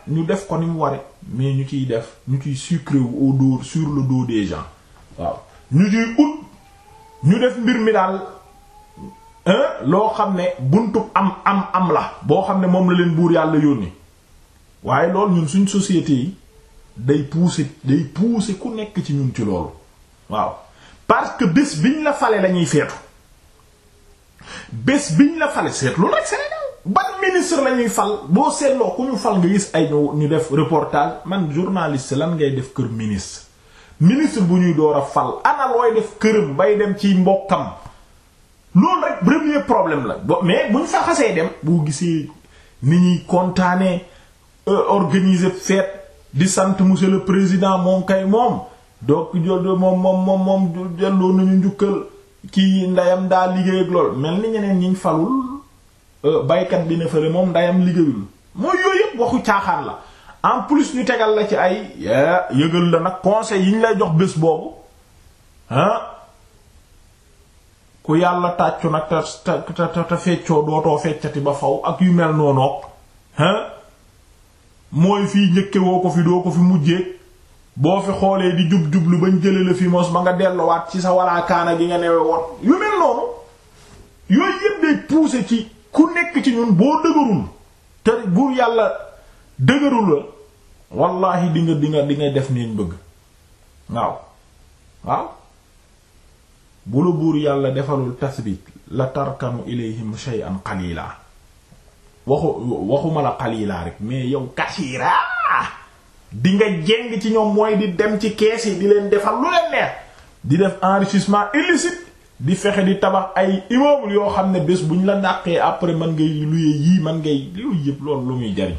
ñu def ko ni mu ware mais ñu ciy def ñu ciy sucré wu au dos sur le dos des gens waaw ñu ciy ut ñu def mbir mi daal loo xam ne buntu am am am la boo xam ne moom la leen buur yàlla yónni waaye loolu ñun suñ société yi day pousser day pousser ku nekk ci ñun ci loolu waaw parce que bés biñ la fale lañuy feetu bés biñ la fale seetlu nag ban ministre la ñuy fal boo seetloo ku ñu fal nga gis ay ñu def reportage man journaliste lan ngay def kër ministre ministre bu ñuy door a fal ana looy def këram bay dem ci mbokkam loolu rek premier problème la bo mais buñ fa xasee dem boo gisee ni ñuy kontaanee euh, organiser fête di sant monsieur le président moom kay moom donc moom moom moom moom delloo nañu njukkal kii ndeyam daa liggéey lool mel ni ñeneen ñiñ falul. Euh, baykat bi ne fële moom ndayam liggéeyul mooy yooyu yëpp waxu caaxaan la en plus ñu tegal la ci ay yëgal la nag conseil yi ñu lay jox bés boobu ah ku yàlla tàccu nag te te te feccoo dootoo feccati ba faw ak yu mel noonook ah mooy fii njëkke ko fi doo ko fi mujjee boo fi xoolee di jub jublu bañ jële la fi mos ba nga delluwaat ci sa walaa kaana gi nga newe woon yu mel noonu yooyu yëpp day pousser ci ku nekk ci ñun boo dëgërul te buur yàlla dëgërul la wallaahi di nga di nga def neen bëgg waaw waaw bu la buur yàlla defalul tasbit la tarkanu ilayhim shay'an qalila waxu waxuma la qalila rek mais yow kasira di nga jeng ci ñoom mooy di dem ci kees yi di leen defal lu leen neex di def enrichissement illicite di fexe di tabax ay immeuble yoo xam ne bés bu ñu la nàqee après man ngay luyee yii man ngay yooyu yëpp loolu lu muy jariñ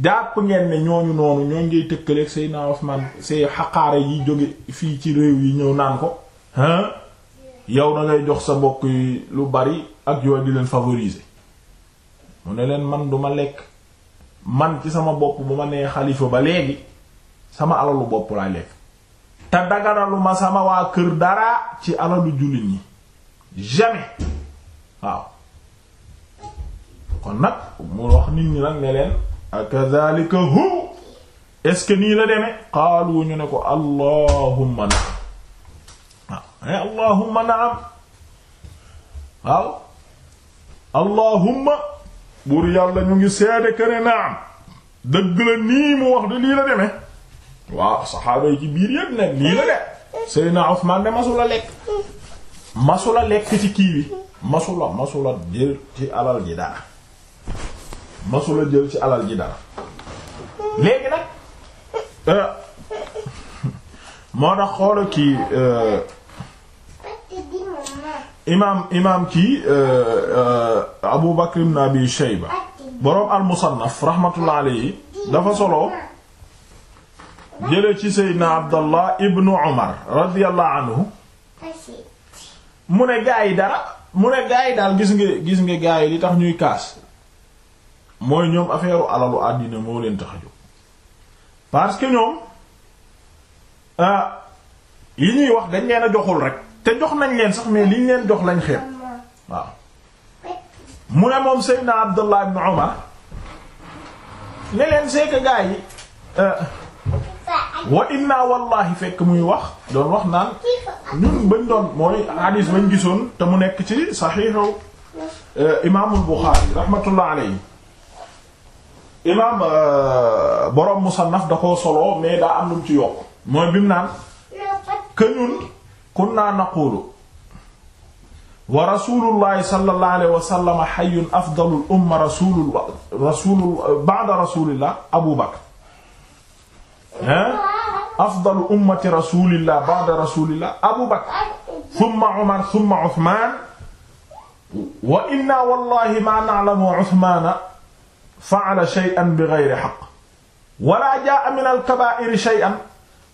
jàpp ngeen ne ñooñu noonu ñooñ ngay tëkkaleeg say naa say xaqaare yi jóge fii ci réew yi ñëw naan ko hein yow na ngay jox sa bokk lu bari ak yooyu di leen favorise mu ne leen man duma lekk man ci sama bopp bu ma nee xalifa ba léegi sama alalu bopp laay lekk te daganaluma sama waa kër dara ci alalu jullit ñi jamais waaw kon nag mu wax nit ñi nag ne leen akadhalika hu est-ce nii la demee qaalu ñu ne ko allahumma naam waaw mais eh, allahumma naam waaw allahumma buur yàlla ñu ngi seede que ne naam dëgg la nii mu wax de lii la demee waaw saxaaba yi ci biir yëpp ne lii la de Seydina Usmaan de masula lekk masula lekk ci kii bi masula masula jël ci alal ji masula jël ci alal ji dara léegi nag euh, moo tax xoolal kii euh, imaam imaam kii euh, Abu Bakr ibn Abi Shayba boroom al-Musannaf rahmatullah alayhi dafa solo jële ci seydna abdallah ibnu umar radiyallahu anhu mu ne gaa yi dara mu ne gaa yi daal gis nga gis ngi gaa yi li tax ñuy kaas mooy ñoom affaire u alalu àddina moo leen tax a parce que ñoom ah, yi ñuy wax dañ leen a joxul rek te jox nañ leen sax mais liñ leen jox lañ xeeb waaw mu ne moom seydna abdallah ibnu umar ne leen seeka gaa yi euh, wa wallahi fekk muy wax doon wax naan ñun bañ doon mooy hadis bañ gisoon te mu nekk ci saxiixu eh, imaamul Buxaari rahmatullah alayhi imaam eh, borom musannaf da koo solo mais daa am lu mu ci yokk mooy bim naan que ñun kunna naqulu wa rasulullahi sallallahu alayhi wa sallam hayyun afdalul umma rasulullah rasulullah ba'da rasulillah Abu Bakr afdalu ummati rasulillah ba'da rasulillah Abu Bakr thumma Umar thumma Uthman wa inna wallahi ma na'lamu Uthmana fa'ala shay'an bighayri haqq wala jaa'a min al-kabaa'iri shay'an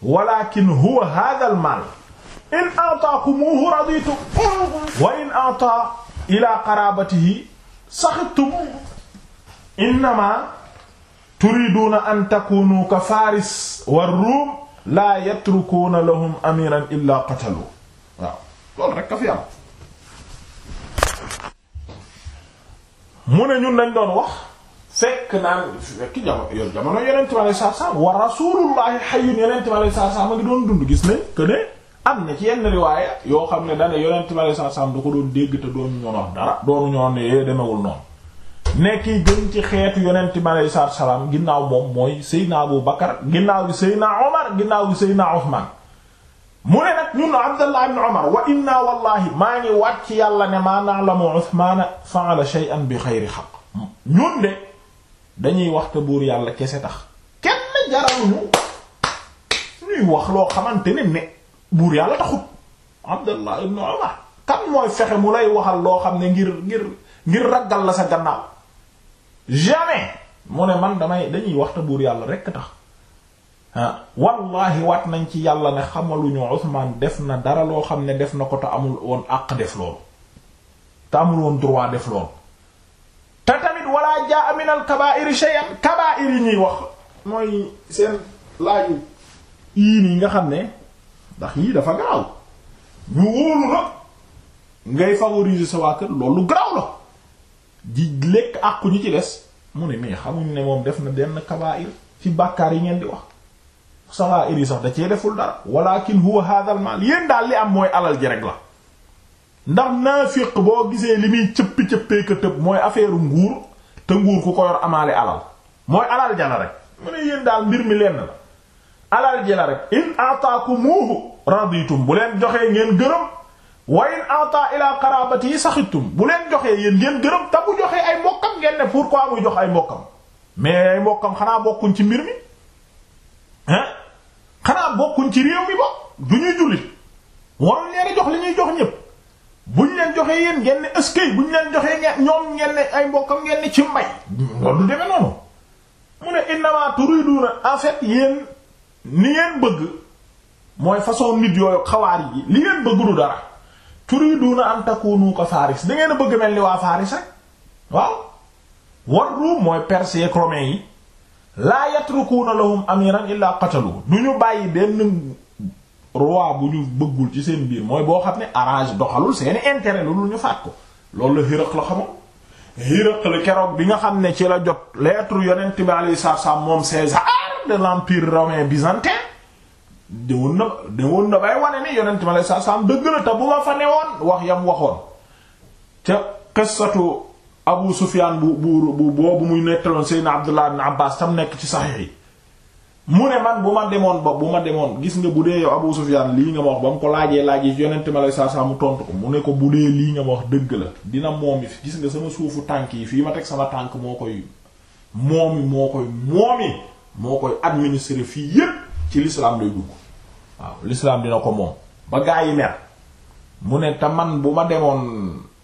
walakin huwa hadha al-mal in a'taakumuhu raditu wa in a'taa ila qarabatihi sakhittum innama turiduuna an takunu ka faris war ruum laa yatrukuuna lahum amiran illa qatalu waaw loolu rek ka fi am mu ne ñun dañ doon wax fekk naan fekk jamono yoon jamono yonent bi alayhi salaatu wa rasuulullahi hayyun yonent bi alayhi salaatu salaam a ngi doon dund gis nañ que am na ci yenn riwaaya yoo xam ne dane yonent bi alayhi salaatu salaam eh, demewul noonu nekk yi gën ci xeetu yonent bi aleyhi salaatu ginnaaw moom mooy Seydina Abu Bakar ginnaaw gi Seydina Omar ginnaaw gi Seydina Ousmane mu ne nag ñun Abdallah ibn Omar wa inna wallahi maa ngi waat ci yàlla ne maa na'lamu Ousmane fa'ala shay'an bi xayri xaq dañuy wax te buur yàlla kese xamante ne yàlla taxut Abdallah ibn Omar kan mu lay waxal loo xam ne ngir ngir ngir ragal la sa gannaaw. jamais mu ne man damay dañuy waxta buur yàlla rekk tax ah wallahi waat nañ ci yàlla ne xamaluñu Usmaan def na dara loo xam ne def na ko te amul woon àq def loolu te woon droit def loolu te tamit wala jaa min al kabaa'iri shay'an kabaa'ir ñuy wax mooy seen laaju yii nii nga xam ne ndax yii dafa gaaw ñu wóolu la ngay favoriser sa waa kër loolu lu gaaw la di lekk àqu ñi ci des mu ne mais xamuñ ne moom def na benn kabaa'ir ci bàkkaar yi ngeen di wax saxaa'ir yi sax da cee deful dara walakin huwa hadha al mal yéen daal li am mooy alal ji rek la ndax naafiq boo gisee li muy cëppi cëppee mooy affaire nguur te nguur ku ko yor amaale alal mooy alal ja la rek mu ne yéen daal mbir mi lenn la alal ji la rek in ataaku muuhu raditum bu leen joxee ngeen gërëm wa in ata ila qarabati yi saxittum bu leen joxee yéen ngeen gërëm te bu joxee ay mbokkam ngeen ne pourquoi muy jox ay mbokkam mais ay mbokkam xanaa bokkuñ ci mbir mi hein xanaa bokkuñ ci réew mi ba du ñuy jullit waruñ leen jox li ñuy jox ñépp buñ leen joxee yéen ngeen ne ëskey buñ leen joxee ngeen ñoom ngeen ne ay mbokkam ngeen ne ci mbay loolu du demee noonu mu ne innama turiduna en fait yéen ni ngeen bëgg mooy façon nit yooyu xawaar yi li ngeen bëgg dara turiduna an na ka faris da ngeen a bëgg mel ni waa faris rek waaw wan ruum mooy perse ak romain yi laa yatrukuna lahum amiran illa qatalu du ñu bàyyi benn roi bu ñu bëggul ci seen biir mooy boo xam ne arrange doxalul seeni intérêt lu ñu faat ko loolu la Hiraq la xamoon Hiraq la keroog bi nga xam ne ci la jot lettre yonent bi alayhi salaam moom César de l'empire romain byzantin demoon na demoon na bay wane ni yonent ma lay sa dëgg la te bu ma fa newoon wax yam waxoon ca qissatu Abu Sufyaan bu bu bu boobu muy nettaloon Seydina Abdullah ibn Abbaas tam nekk ci saxiix yi mu ne man bu ma demoon ba bu ma demoon gis nga bu dee yow Abu Sufyaan lii nga ma wax ba mu ko laajee laajee ci yonent ma lay sa mu tontu ko mu ne ko bu dee lii nga ma wax dëgg la dina moomi fi gis nga sama suufu tànk yi fii ma teg sama tànk moo koy moomi moo koy moomi moo koy fii ci l'islam waaw l'islam dina ko moom ba gaa yi mer mu ne te man bu ma demoon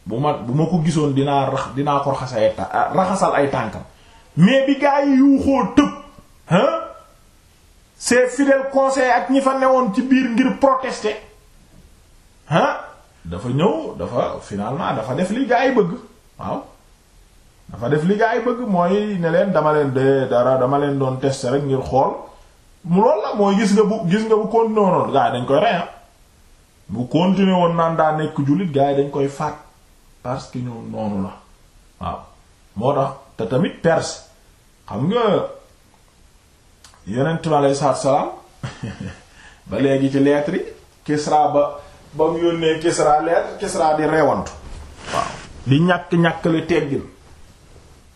bu ma bu ma ko gisoon dinaa rax dinaa ko raxas ay raxasal ay tànkam mais bi gaa yi yuuxoo tëb hein ces fidèles conseillers ak ñi fa newoon ci biir ngir protester hein dafa ñëw dafa finalement dafa def li yi bëgg waaw dafa def li yi bëgg mooy ne leen dama leen de dara dama leen doon tester rek ngir xool loolu la mooy gis nga bu gis nga bu continué woon gaa yi dañ koy rey ah bu naan daa nekk jullit gaa yi dañ koy faat parce que ñoom noonu la waaw moo tax te tamit perse xam nga yeneen mi aleyi salaatu salaam ba léegi ci lettre yi Kisra ba ba mu yónnee Kisra lettre Kisra di reewantu waaw di ñàkk ñàkkale teggin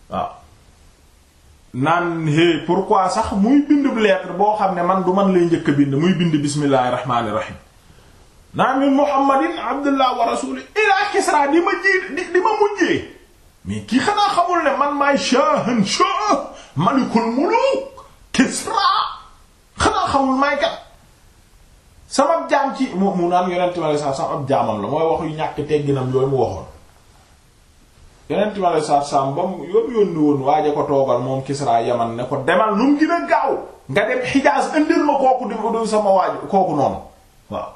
waaw naan hé quoi sax muy bind bu lettre boo xam ne man du man lay njëkk a bind muy bind bismillahi rahmaani rahim naan min muhammadin abdullah wa rasuli ila kisra di ma ji di ma mujjee mais kii xanaa xamul ne man maay shahan shah malikul muluk kisra xanaa xamul maay kat sama jaam ci mu mu naan yonente mi aleye sat ab jaamam la mooy wax yu ñàkk tegginam yooyu mu waxoon yeneen time ale saam ba mu yóbbu yónni woon waaje ko toogal moom Kisra Yaman ne ko demal lu mu gën gaaw nga dem Hijaaz indil ma kooku du sama waaju kooku noonu waaw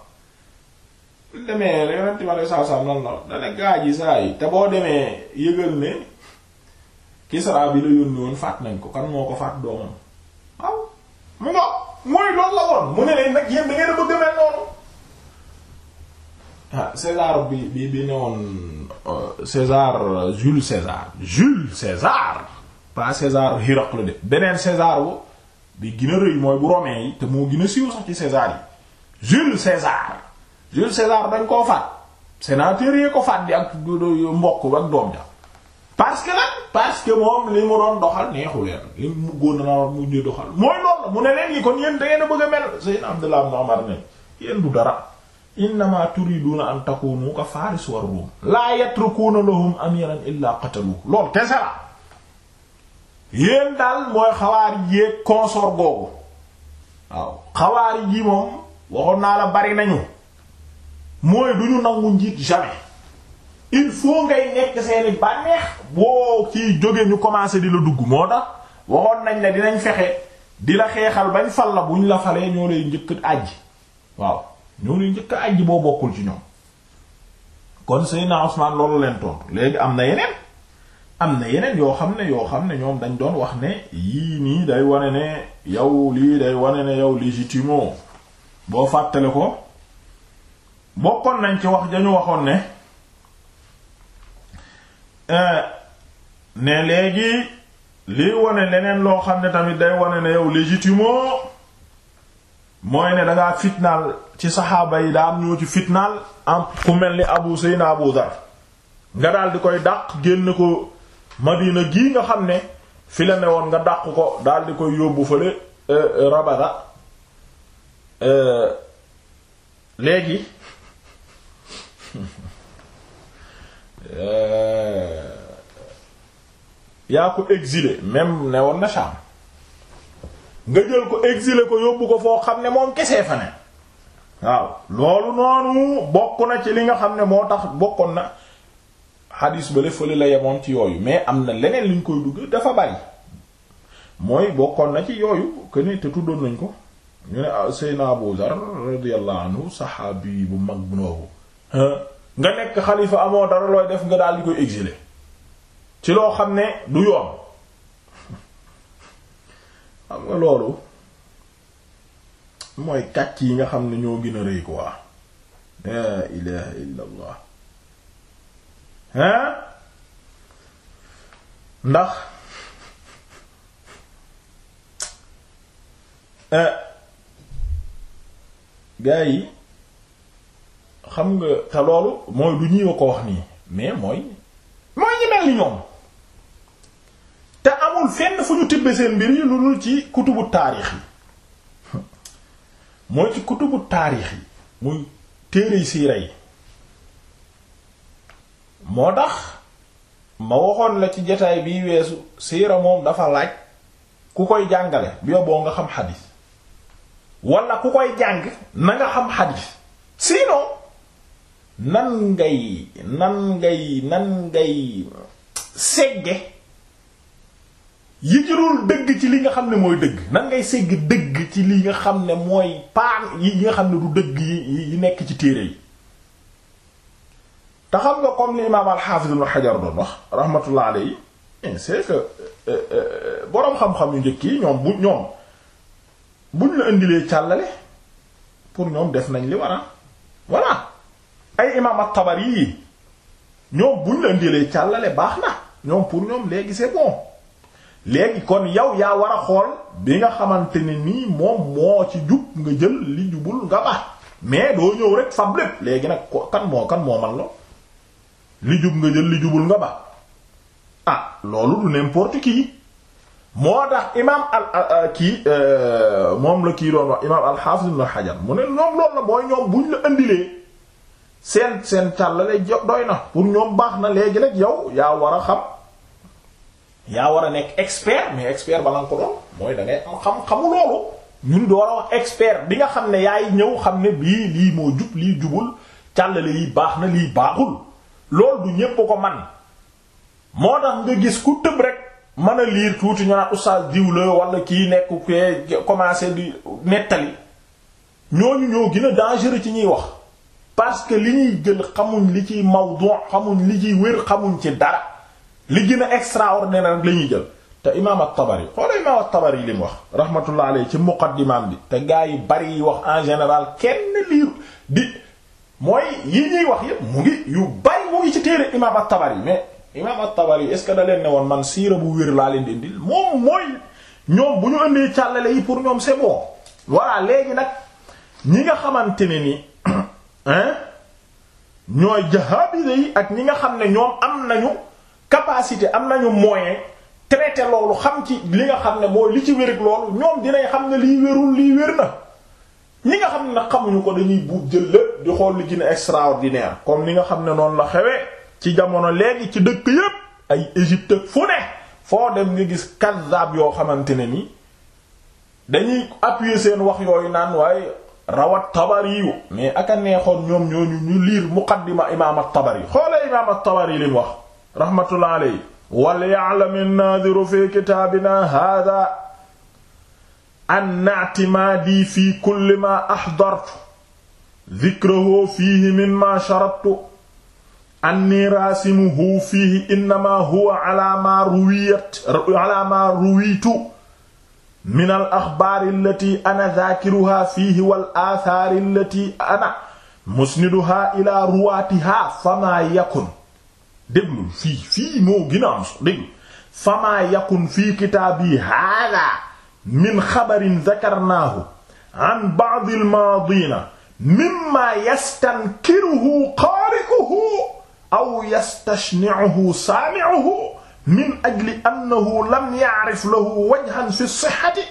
demee yeneen time ale saar saam noonu la dana gaa ji saa yi te boo demee yëgal ne Kisra bi la yónni woon faat nañ ko kan moo ko faat doomam waaw mu nga mooy loolu la woon mu ne leen nag yéen da ngeen a noonu ah César bi bi bi ne woon Euh, César euh, Jules César Jules César pas César Hiraqle de beneen César bu bi gën a rëy mooy bu romain yi te moo gën siiw sax ci César yi Jules César Jules César dañ koo faat sénateur yi ko faat di ak mbokk ak doom ja parce que lan parce que moom li mu doon doxal neexu leen li mu góor na mu ñu doxal mooy loolu mu ne leen li kon yéen da ngeen a bëgg a mel Seydina Abdullah ibn Umar ne yéen du dara innama turiduna an takunu ka faris war ruum laa yatrukuna lahum amiran illa qatalu loolu te sera yéen daal mooy xawaari yéeg consort googu waaw xawaari moom waxoon naa la bari nañu mooy du ñu nangu njiit jamais il faut ngay nekk seeni bànneex boo ciy jóge ñu commencé di la dugg moo tax waxoon nañ ne dinañ fexe di la xeexal bañ fal la buñ la falee ñoo lay njëkk àjj waaw ñoo ni njëkk ajji boo bokkul ci ñoom kon Seydina Usmaan loolu leen tontu léegi am na yeneen am na yeneen yoo xam ne yoo xam ne ñoom dañ doon wax ne yii nii day wane ne yow lii day wane ne yow légitimo boo fàttale ko bokkoon nañ ci wax dañu waxoon ne euh, ne léegi lii wane leneen loo xam ne tamit day wane ne yow légitimo mooy ne dangaa fitnaal ci saxaaba yi daa am fitnaal am ku mel ni abu sayna abu dar nga daal di koy dàq génn ko madina gii nga xam ne fi la ne woon nga dàq ko daal di koy yóbbu fële euh, euh, rabada euh, léegi yaa ko exilé même ne woon na Sham nga jël ko exiler ko yóbbu ko foo xam ne moom kesee fa ne waaw loolu noonu bokk na ci li nga xam ne moo tax bokkoon na xadis bale fële la yemoon ci yooyu mais am na leneen liñ koy dugg dafa bari mooy bokkoon na ci yooyu que ne te tuddoon nañ ko ñu ne ah, Seydina Abu Zar radiyallahu saxaabi bu mag bu noobu nga nekk xalifa amoo dara looy def nga daal di koy exiler ci loo xam ne du yoon xam nga loolu mooy kàcc yi nga xam ne ñoo gën a rëy quoi laa ilaha illa allah hein ndax eh, gaa yi xam nga te loolu mooy du ñuy ko wax nii mais mooy mooy ñi mel ni ñoom te amul fenn fu ñu tibbe seen mbir yi lu dul ci kutubu taarix yi mooy ci kutubu taarix yi muy téere siira yi moo tax ma waxoon la ci jotaay bi weesu siira moom dafa laaj ku koy jàngale bi yoboo nga xam xadiis wala ku koy jàng na nga xam xadiis sinon nan ngay nan ngay nan ngay segge yi jurul dëgg ci li nga xam ne mooy dëgg nan ngay ségg dëgg ci li nga xam ne mooy paan yi nga xam ne du dëgg yi yi nekk ci téere yi te xam nga comme li imaam al-Hafiz Ibn Hajar doon wax rahmatullah alayhi eh, c'est eh, eh, yu njëkk yi ñoom bu ñoom buñ la indilee càllale pour ñoom def nañ li voilà ay yi ñoom buñ càllale baax na ñoom pour ñoom léegi gisee bon léegi kon yow yaa war a xool bi nga xamante ne nii moom moo ci jub nga jël li jubul nga baax mais doo ñëw rek fab lépp léegi nag ko kan moo kan moo man la li jub nga jël li jubul nga baax ah loolu du n'importe qui moo tax imaam al kii euh, moom la kii doon wax imaam al-Hafiz Ibn Hajar mu ne ñoom loolu la mooy ñoom buñ la indilee seen seen tàllale doy na pour ñoom baax na léegi nag yow yaa war a xam. yaa war a nekk expert mais expert bala ko doon mooy da ngay am xam-xamu loolu ñun door a wax expert bi nga xam ne yaay ñëw xam ne bii lii moo jub lii jubul càllale yi baax na lii baaxul loolu du ñépp ko man moo tax nga gis ku tëb rek mën a liir tuuti ñu naan oustaz diw la wala kii nekk ku commencé di nettali ñooñu ñoo gën a dangereux ci ñuy wax parce que li ñuy jël xamuñ li ci mawdu xamuñ li ci wér xamuñ ci dara li gën a extraordinaire la ñuy jël te imaam at-Tabari xoola imaam at-Tabari li wax rahmatullah alayhi ci muqaddimaam bi te gaa yi bari yi wax en général kenn liir di mooy yi ñuy wax yépp mu ngi yu bari mu ngi ci téere imaam at-Tabari mais imaam at-Tabari est que da leen ne woon man siira bu wér laa leen di indil moom mooy ñoom bu ñu indee càllale yi pour ñoom c'est bon voilà léegi nag ñi nga xamante ne ni hein ñooy jahaabise yi ak ñi nga xam ne ñoom am nañu capacité am nañu moyen traité loolu xam ci li nga xam ne mooy li ci wérig loolu ñoom dinañ xam ne lii wérul lii wér na ñi nga xam ne nag xamuñu ko dañuy buub jël lépp di xool li gën a extraordinaire comme li nga xam ne noonu la xewee ci jamono léegi ci dëkk yépp ay Égypte fu ne foo dem nga gis kazzab yoo xamante ne ni dañuy appuyer seen wax yooyu naan waaye rawat tabari yu mais ak aka neexoon ñoom ñooñu ñu liir muqaddima imaam at-Tabari xoolee imaam at-Tabari lim wax rahmatullah alayhi wal ya'lamu an-naadiru fi kitaabina haadaa anna i'timaadii fi kulli maa ahdartu dhikrahu fiihi mimmaa sharabtu anni raasimuhu fiihi innamaa huwa alaa maa ruwiyat alaa maa ruwiitu min al axbaari allati ana dhaakiruhaa fiihi wal aathaari allati ana musniduhaa ilaa ruwaatihaa famaa yakun déglul fii fii moo gën a am so déglu famaa yakun fii kitaabi hada min xabarin dakarnaahu an ba'd al-maadiina mimma yastankiruhu qaari'uhu aw yastashni'uhu saami'uhu min ajli annahu lam ya'rif lahu wajhan fi as-sihhati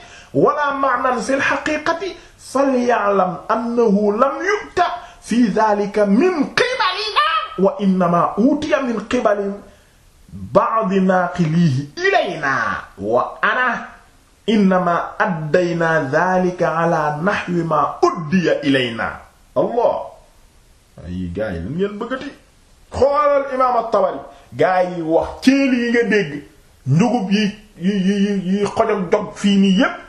wala ma'nan fi al-haqiiqati falya'lam annahu lam yubta fi dhaalika min wa innama utiya min qibali ba'di naaqilihi ilaynaa wa ana innama addaynaa dhalika ala nahwi ma uddiya ilaynaa allah ay gaa yi lan ngeen bëggati xoolal imaam at-Tabari gaa yi wax céeli yi nga dégg njugub yi yi yi yi xojog jog fii nii yépp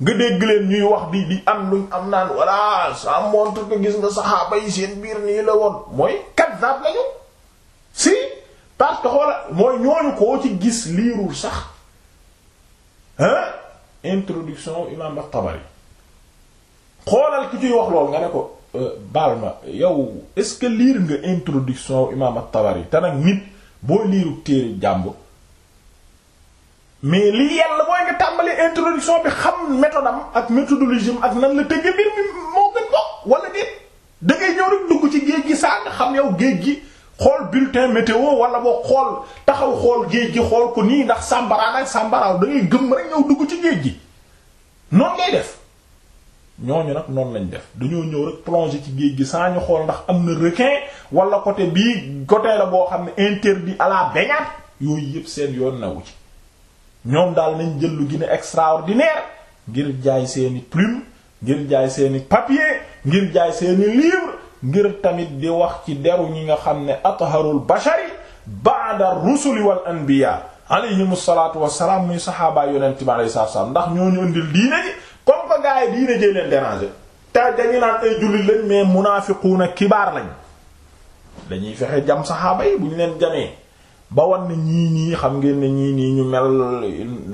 nga dégg leen ñuy wax di di am am naan voilà ça montre que gis nga saxaaba yi seen biir nii la woon mooy kaddaab lañu si parce que mooy ñooñu koo ci gis liirul sax hein introduction imam tabari xoolal ku ciy wax loolu nga ne ko euh, baal ma yow est-ce que liir nga introduction imam at-Tabari te nag nit boo liiru téere jàmb mais li yàlla mooy nga tàmbali introduction bi xam méthode am ak méthodologie am ak nan la tëgg mbir mi moo gën bokk wala déet da ñëw rek dugg ci géej gi saa nga xam yow géej gi xool bulletin météo wala boo xool taxaw xool géej gi xool ko nii ndax sàmbaraan ak sàmbaraaw da ngay gëm rek ñëw dugg ci géej gi noonu ngay def ñooñu nag noonu lañ def dañoo ñëw rek plonger ci géej gi saa ñu xool ndax am na requin wala côté bii côté la boo xam ne interdit à la yooyu yëpp seen yoon nawu ci ñoom daal nañ jël lu gën a extraordinaire ngir jaay seeni plume ngir jaay seeni papier ngir jaay seeni livre ngir tamit di wax ci deru ñi nga xam ne atharul bashari ba'da rusuli wal anbiya alayhim salaatu wassalaam muy saxaabaa yonent bi alayhi salaatu wassalaam ndax ñoo ñu indil diine ji comme que gaa yi diine jee leen déranger te dañu naan ay jullit lañ mais munaafiquuna kibaar lañ dañuy fexe jam saxaaba yi bu ñu leen jamee ba wan ne ñii ñii xam ngeen ne ñii nii ñu mel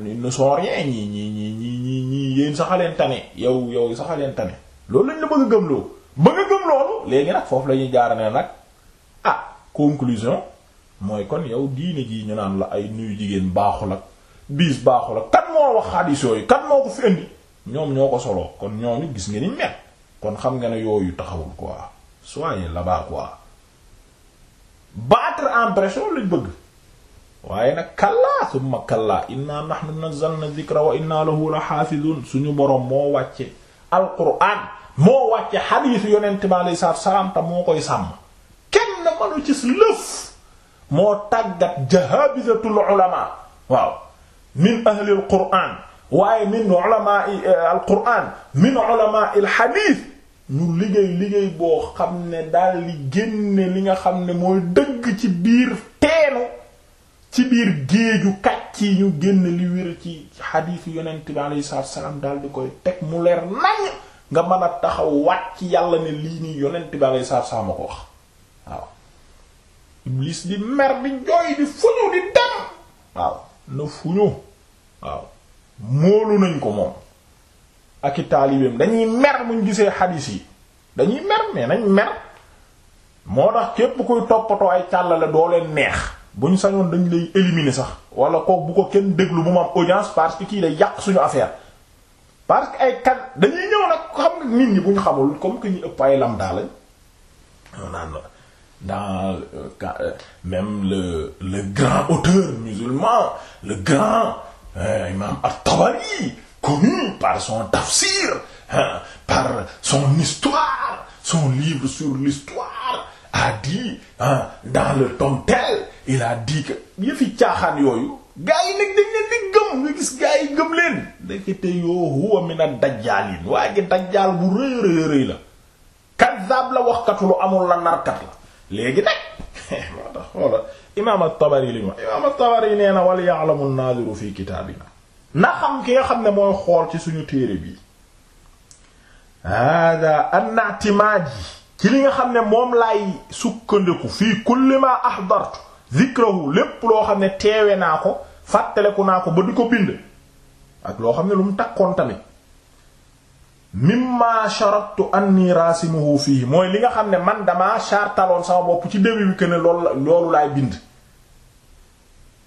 ne sont rien ñii ñii ñii ñii ñii ñii yéen saxaleen tane yow yow saxaleen tane loolu lañ la bëgg a gëmloo ba foofu la ñuy jaara nag ah conclusion mooy kon yow diine jii ñu naan la ay nuyu jigéen baaxul ak biis baaxul ak kan moo wax xaadis yooyu kan moo ko fi ñoom ñoo ko soloo kon ñooñu gis nga ni mel kon xam nga ne yooyu taxawul quoi soyez yi bas quoi battre en pression lañ bëgg waaye nag kallaa summa kallaa inna nahnu nazzalna dhikra wa inna lahu la xaafidun suñu boroom moo wàcce alquran moo wàcce xadiisu yonent bi alayhi salaatu moo koy sàmm kenn manu ci lëf moo tàggat jahabizatul ulama waaw min ahli alquran waaye min ulama'i eh, alquran min ulama'i alhadith ñu liggéey boo xam ne daal li li nga xam ne mooy dëgg ci biir teenu ci biir géeju kàcc yi ñu génn li ci xadiis yonent bi alayhi salaatu salaam daal di koy teg mu leer nañ nga mën a taxaw wàcc yàlla ne lii nii yonent bi alayhi salaatu salaam a ko wax waaw iblis di mer di jooy di fuñu di dem waaw na fuñu waaw moolu nañ ko moom ak taalibeem dañuy mer muñ gisee xadiis yi dañuy mer mais nañ mer moo tax képp kuy toppatoo ay càllale doo leen neex bu ñu sañoon dañ lay éliminer sax wala kook bu ko kenn déglu bu mu audience parce que kii day yàq suñu affaire parce que ay kan dañuy ñëw nag xam nit ñi bu ñu xamul comme que ñu ëpp ay lambda lañ on naan dans euh, même le le grand auteur musulman le grand euh, imam at-Tabari par son tafsir par son histoire son livre sur l'histoire a dit ah dans le tome tel yëfi caaxaan yooyu gaa yi nag dañ leen gëm nga gis gaa yi gëm leen ndekete yoo huwa min ad-dajjaalin waa ji dajjaal bu rëy rëy rëy la kazzab la waxkat lu amul la narkat la léegi nag moo tabari li mu wax tabari nee na wal ya'lamu an-naadiru fi ki nga xam ne mooy xool ci suñu téere bi ci li nga xam ne moom laay sukkandiku fii kulli ma ahdartu zikrahu lépp loo xam ne teewe naa ko fàttaleku naa ko ba di ko bind ak loo xam ne lu mu takkoon tamit mimma sharatu anni rasimuhu fii mooy li nga xam ne man dama chartaloon sama bopp ci début ne loolu loolu bind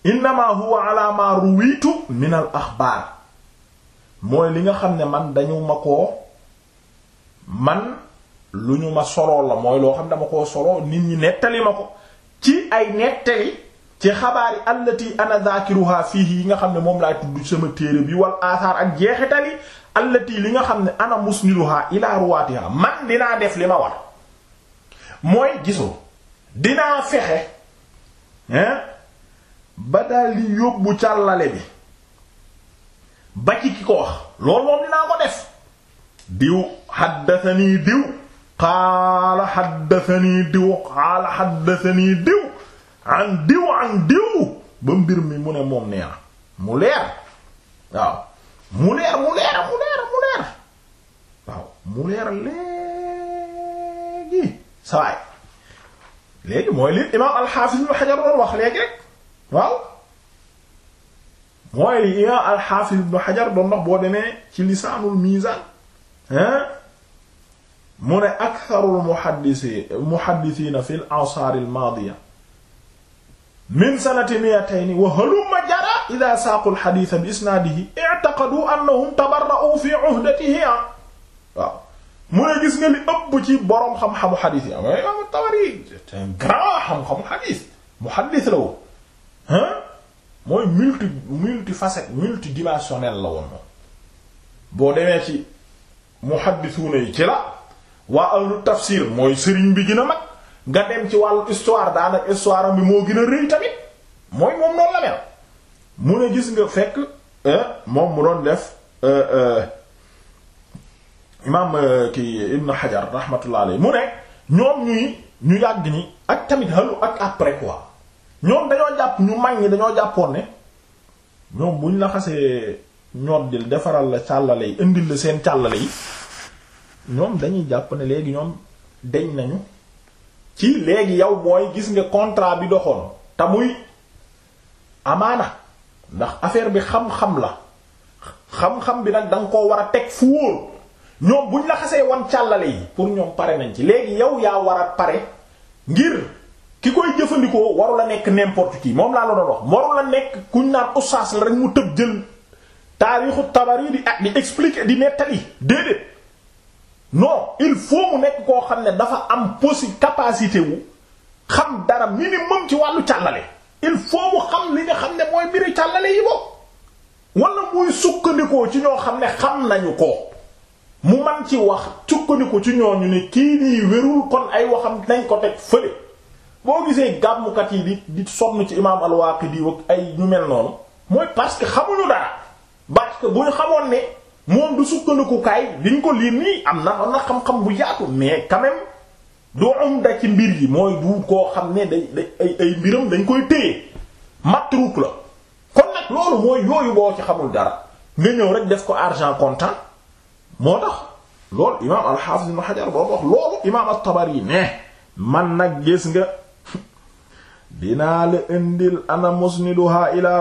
innama huwa ala ma ruwitu min axbaar mooy li nga xam ne man dañu ma koo man lu ñu ma soloo la mooy loo xam dama koo soloo nit ñi nettali ma ko ci ay nettali ci xabaar yi allati ana zakiruha fihi yi nga xam ne moom laay tudd sama téere bi wal athar ak jeexitali allati li nga xam ne ana musniduha ila ruwatiha man dinaa def li ma war mooy gisoo dinaa fexe hein ba daal li yóbbu càllale bi ba ci ki ko wax loolu moom dinaa ko def diw haddathani diw qaala xaddatani diw qaala xaddatani diw an diw an diw ba mbir mi mu ne moom nee na mu leer waaw mu leer mu leer mu leer mu leer waaw mu leer léegi sawaay léegi mooy li imaam alxaafis ibnu xajar doon wax léegi rek waaw mooy li imaam alxaafis ibnu xajar doon wax boo demee ci lisaanul miisaan hein mu ne aktharul muhaddisi muhaddisiina fil ansaar al maadiya min sanati mi'atayn wa halumma jara idha saaqu al hadiisa bi isnaadihi i'taqadu annahum tabarra'u fi 'uhdatihi waaw mu ne gis nga li ëpp ci boroom xam-xamu xadiis yi ama am Tabari c'est un grand xam-xamu xadiis muhaddis la woon hein mooy multi multifacette multidimensionnel la woon moom boo demee ci muhaddisuuna yi ci la waa ahlu tafsir mooy sëriñ bi gën a mag nga dem ci wàll histoire daanaka histoire bi moo gën a rëy tamit mooy moom noonu la mel mu ne gis nga fekk euh, moom doon def euh, euh, imaam kii Ibn Hajar ñoom ñuy ñu yàgg ni ak tamit halu ak après quoi ñoom dañoo jàpp ñu mag ñi dañoo jàppoon ne ñoom buñ la xasee ñoddil defaral la càllale yi indil la seen càllale yi ñoom dañuy jàpp ne léegi ñoom deñ nañu ci léegi yow mooy gis nga contrat bi doxoon te muy amaana ndax affaire bi xam-xam la xam-xam bi nag da nga koo war a teg fu wóor ñoom buñ la wan càllale yi pour ñoom pare nañ ci léegi yow yaa war a pare ngir ki koy jëfandikoo waru la nekk n'importe qui moom laa la a wax waru la nekk kuñ naan ustaas la rek mu tëb jël taarixu Tabari di di expliquer di nettali déedéet. non il faut mu nekk koo xam ne dafa am possi capacité wu xam dara minimum ci wàllu càllale il faut mu xam li nga xam ne mooy mbiru càllale yi bopp wala muy sukkandikoo ci ñoo xam ne xam nañu ko mu man ci wax sukkandikoo ci ñooñu ne kii nii wérul kon ay waxam nañ ko teg fële boo gisee gàmmukat yi di di sonn ci imaam al-Waaqidi ak ay ñu mel noonu mooy parce que xamuñu dara parce que bu ñu xamoon ne moom du sukkandikukaay diñ ko lii nii am na am na xam-xam bu yaatu mais quand même doo am da ci mbir yi mooy du koo xam ne day day ay ay mbiram dañ koy téye matruuk la kon nag loolu mooy yooyu boo ci xamul dara nga ñëw rek def ko argent comptant moo tax loolu imaam al-Hafiz Ibn Hajar boo wax loolu imaam at-Tabari ne man nag gis nga. dinaa la indil ana musniduha ila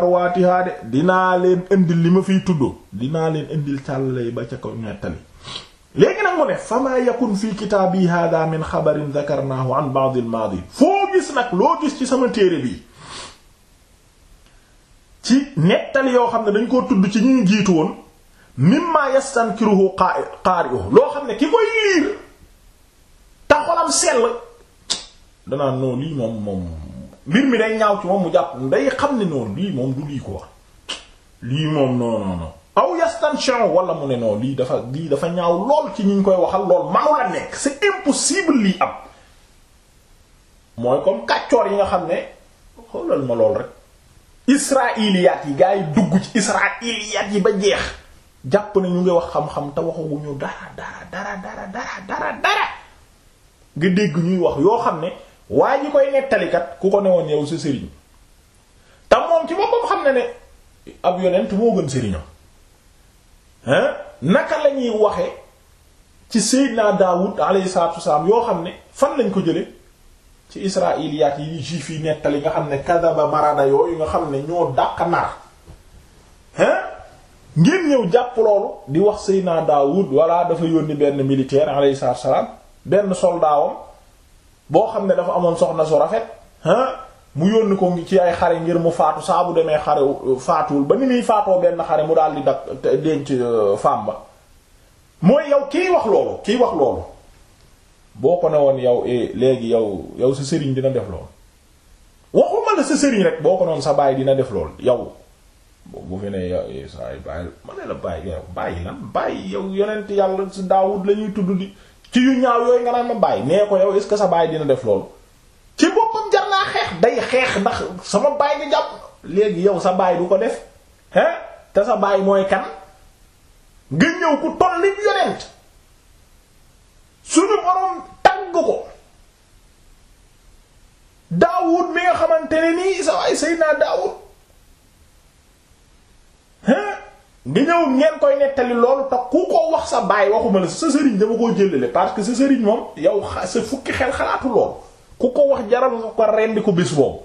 de dinaa leen indil li ma fiy tudd dinaa leen indil càllale ba ca ko ñettali léegi nag mu ne fama yakun fii kitaabi hada min xabarin dakarnahu an ba'd al maadi foo gis nag loo gis ci sama téere bi ci nettali yoo xam ne dañ koo tudd ci ñu jiitu woon mimma yastankiruhu qaari'u loo xam ne ki koy liir ta xolam sell danaa noonu lii moom moom mbir mi day ñaaw ci moom mu jàpp day xam ne noonu lii moom du lii ko wax lii moom non non aw yastanchon wala mu ne non lii dafa lii dafa ñaaw lool ci ñu koy waxal lool manu la nekk c'est impossible lii am mooy yi nga xam ne xoolal ma lool rek israiliyaat yi gaa yi dugg ci israiliyaat yi ba jeex jàpp na ñu ngi wax xam-xam te waxaguñu dara dara dara dara dara dara dara nga dégg ñuy wax yoo xam ne waaye ñi koy nettalikat ku ko newoon yow sa sëriñ te moom ci boppam xam na ne ab yonent moo gën sëriñam hein naka la waxe ci Seydina Daawud alayhi salaatu yoo xam ne fan lañ ko jële ci israiliyaat yi juif yi nettali nga xam ne kadaba marana yooyu nga xam ne ñoo dàq nar hein ngeen ñëw jàpp loolu di wax Seydina Daawud walla dafa yónni benn militaire alayhi salaatu benn soldaawam boo xam ne dafa amoon soxna su rafet ah mu yónni ko ci ay xare ngir mu faatu saa bu demee xare euh, faatuwul ba ni muy faatoo benn xare mu daal di dag denc euh, femme ba mooy yow kiy wax loolu kiy wax loolu boo ko ne woon yow eh, léegi yow yow si sëriñ dina def loolu waxuma la sa sëriñ rek boo ko noon sa baay dina def loolu yow bu fi ne yow eh, saa yi bàyyi ma ne la bàyyi bàyyi lan bàyyi yow yàlla si Daawud la tudd di ci yu ñaaw yooyu nga naan ma bàyyi nee ko yow est-ce sa bàyyi dina def loolu ci boppam jar naa xeex day xeex ndax sama bàyyi di jàpp léegi yow sa bàyyi du ko def hein te sa bàyyi mooy kan nga ñëw ku toll nit yonent suñu borom tagg ko Daawud mi nga xamante ne nii sa waay Seydina Daawud hein nga ñëw ngeen koy nettali loolu te ku ko wax sa baay waxuma la sa sëriñ dama koo jëlale parce que sa sëriñ moom yow sa fukki xel xalaatu loolu ku ko wax jaral nga ko rendi ko bés boobu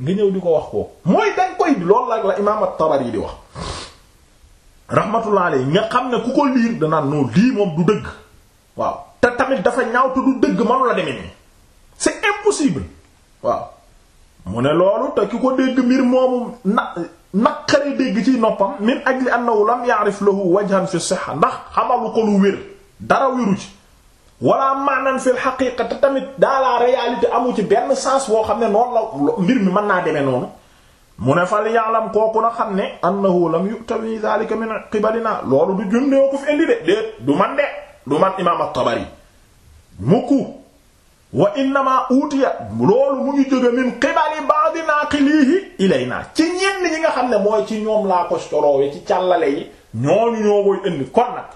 nga ñëw di ko wax ko mooy danga koy loolu yi di wax rahmatullah alayhi xam ne ku ko liir lii moom du dëgg waaw te tamit dafa ñaaw du dëgg manu la deme nii c'est impossible waaw mu ne loolu te ki ko dégg mbir moomu na naqari dégg ci noppam min ajli annahu lam ya'rif lahu wajhan fi sihha ndax xamalu ko lu wér dara wéru ci wala maanan fi alxaqiqa te tamit dans la réalité amu ci benn sens boo xam ne noonu la mbir mi mën naa demee noonu mu ne fal ya'lam kooku na xam ne annahu lam yu'tawi dhalika min qibalina loolu du jundoo fi indi de du man de du man imam tabari mukku waa wa innama utiya loolu mu ngi jóge min qibali ba'di naqilihi ilayna ci ñenn ñi nga xam ne mooy ci ñoom laa ko soroowe ci càllale yi ñooñu ñoo koy indi kon nag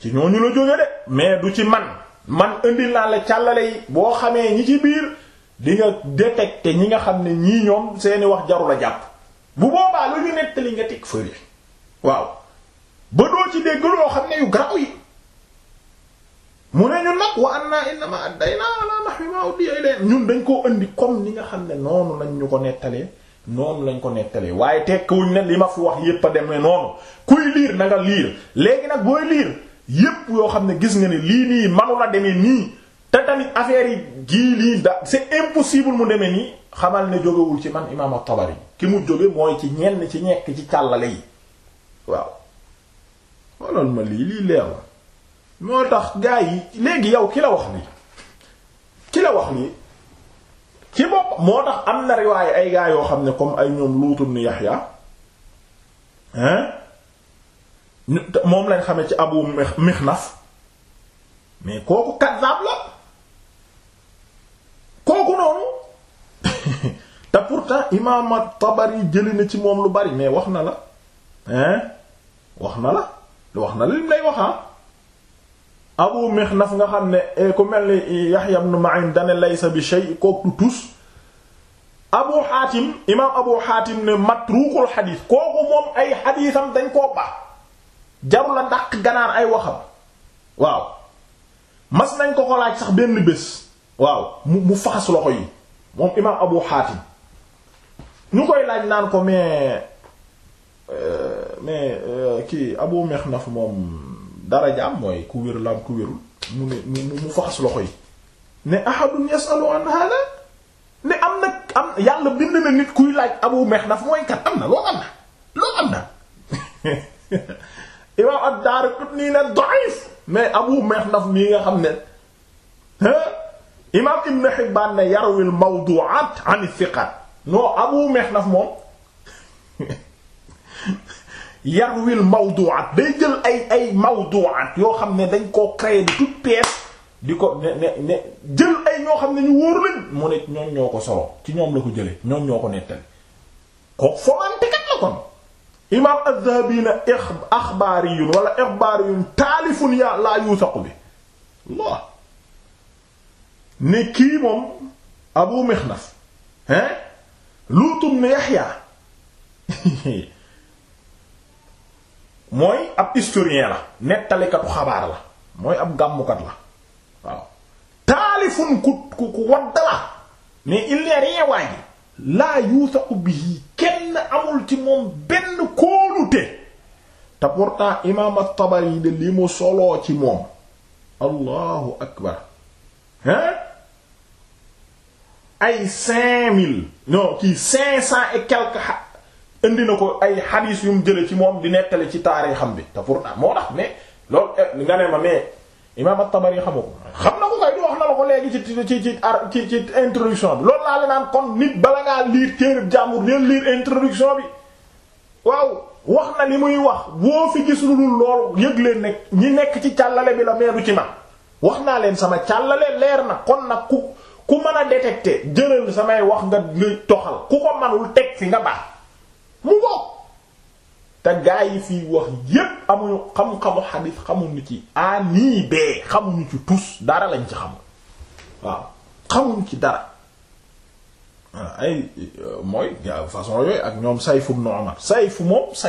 ci ñooñu la jóge de mais du ci man man indi naa la càllale yi boo xamee ñi ci biir di nga détecter ñi nga xam ne ñii ñoom seeni wax jaru la jàpp bu boobaa lu ñu nettali nga teg fële waaw ba doo ci dégg loo xam ne yu garaw yi mu ne ñun nag wa anna innama addayna ala nahwi ma udiya ilayna ñun dañ koo indi comme ni nga xam ne noonu lañ ñu ko nettalee noonu lañ ko nettalee waaye tekkiwuñ ne li ma fi wax yépp a demee noonu kuy liir na nga léegi nag booy liir yépp yoo xam ne gis nga ne lii nii manu demee nii te tamit affaire yi gii lii da c'est impossible mu demee nii xamal ne jógewul ci man imaam at-Tabari ki mu jóge mooy ci ñenn ci ñekk ci càllale yi waaw. xoolal ma lii lii leer la moo tax gaa yi léegi yow ki la wax nii ki la wax nii ci bopp moo tax am na riwaaye ay gaa yoo xam ne comme ay ñoom Luut ibn Yahya hein moom lañ xamee ci Abu Mixnaf mais kooku kaddaab la kooku noonu te pourtant imaam tabari jëli na ci moom lu bari mais wax na la hein wax na la wax na la lim lay waxaa ah. Abu naf nga xam ne eh, ku mel ni Yaxya ibn Ma'in dane laysa bi shay kooku du tus Abu Xaatim imaam Abu Xaatim ne matruukul xadiis kooku moom ay xadiisam dañ koo baax jarul a dàq ganaar ay waxam waaw mas nañ ko ko laaj sax benn bés waaw mu mu faxas loxo yi moom imaam Abu Xaatim ñu koy laaj naan ko mais euh, mais euh, kii Abu naf moom darajaam mooy ku wér la ku wérul mu ne mu faxas loxo yi ne ahadun yasalu an hada ne am na am yàlla bind na nit kuy laaj abu mehnaf mooy kat am na loolu am na loolu am na imam ad-Daaraqutni ne da'if mais abu mehnaf mii nga xam ne imam ibn Hibbaan ne yarwil mawdu'aat an thiqaat non abu moom yarwil mawdu'at day jël ay ay mawdu'at yoo xam ne dañ koo créer de toutes pièces di ko ne ne ne jël ay ñoo xam ne ñu wóor lañ mu ne ñoom ñoo ko solo ci ñoom la ko jëlee ñoom ñoo ko nettali kooku fomantekat la kon imam az-Zahabi na axbaariyun wala ixbaariyun taalifun ya laa yuusaqu bi Allah ne kii moom Abu Mixnaf hein Luutum ne Yaxya mooy ab historien la nettalikatu xabaar la mooy ab gàmmukat la waaw taalifun ku ku ku wadda la mais il waa ji laa yuusaku bihi kenn amul ci moom benn kóolute te pourtant imaam tabari de li mu soloo ci moom allahu akbar hein ay cinq mille non kii cinq cent et quelques indi na ko ay xadiis yu mu jële ci moom di nettale ci xam bi te pourtant moo tax mais loolu eh, nga ne ma mais imaam at-Tabari xamu ko xam na ko kay di wax na la ko léegi ci ci ci ci ci introduction bi loolu laa naan kon nit bala ngaa liir téereb jàmbur leen liir introduction bi waaw wax na li muy wax boo fi gis lu dul loolu yëg leen ne ñi nekk ci càllale bi la meeru ci ma wax naa leen sama càllale leer na kon nag ku ku mën a détecter jëlal samay wax nga nga toxal ku ko manul teg fi nga baax mu ngoog te gaa yi fiy wax yépp amul xam-xamu xadiis xamuñu ci a nii bee xamuñu ci tus dara lañ ci xam waaw xamuñ ci dara ah, ay euh, mooy façon yooyu ak ñoom Sayfu ibn Umar Sayfu moom say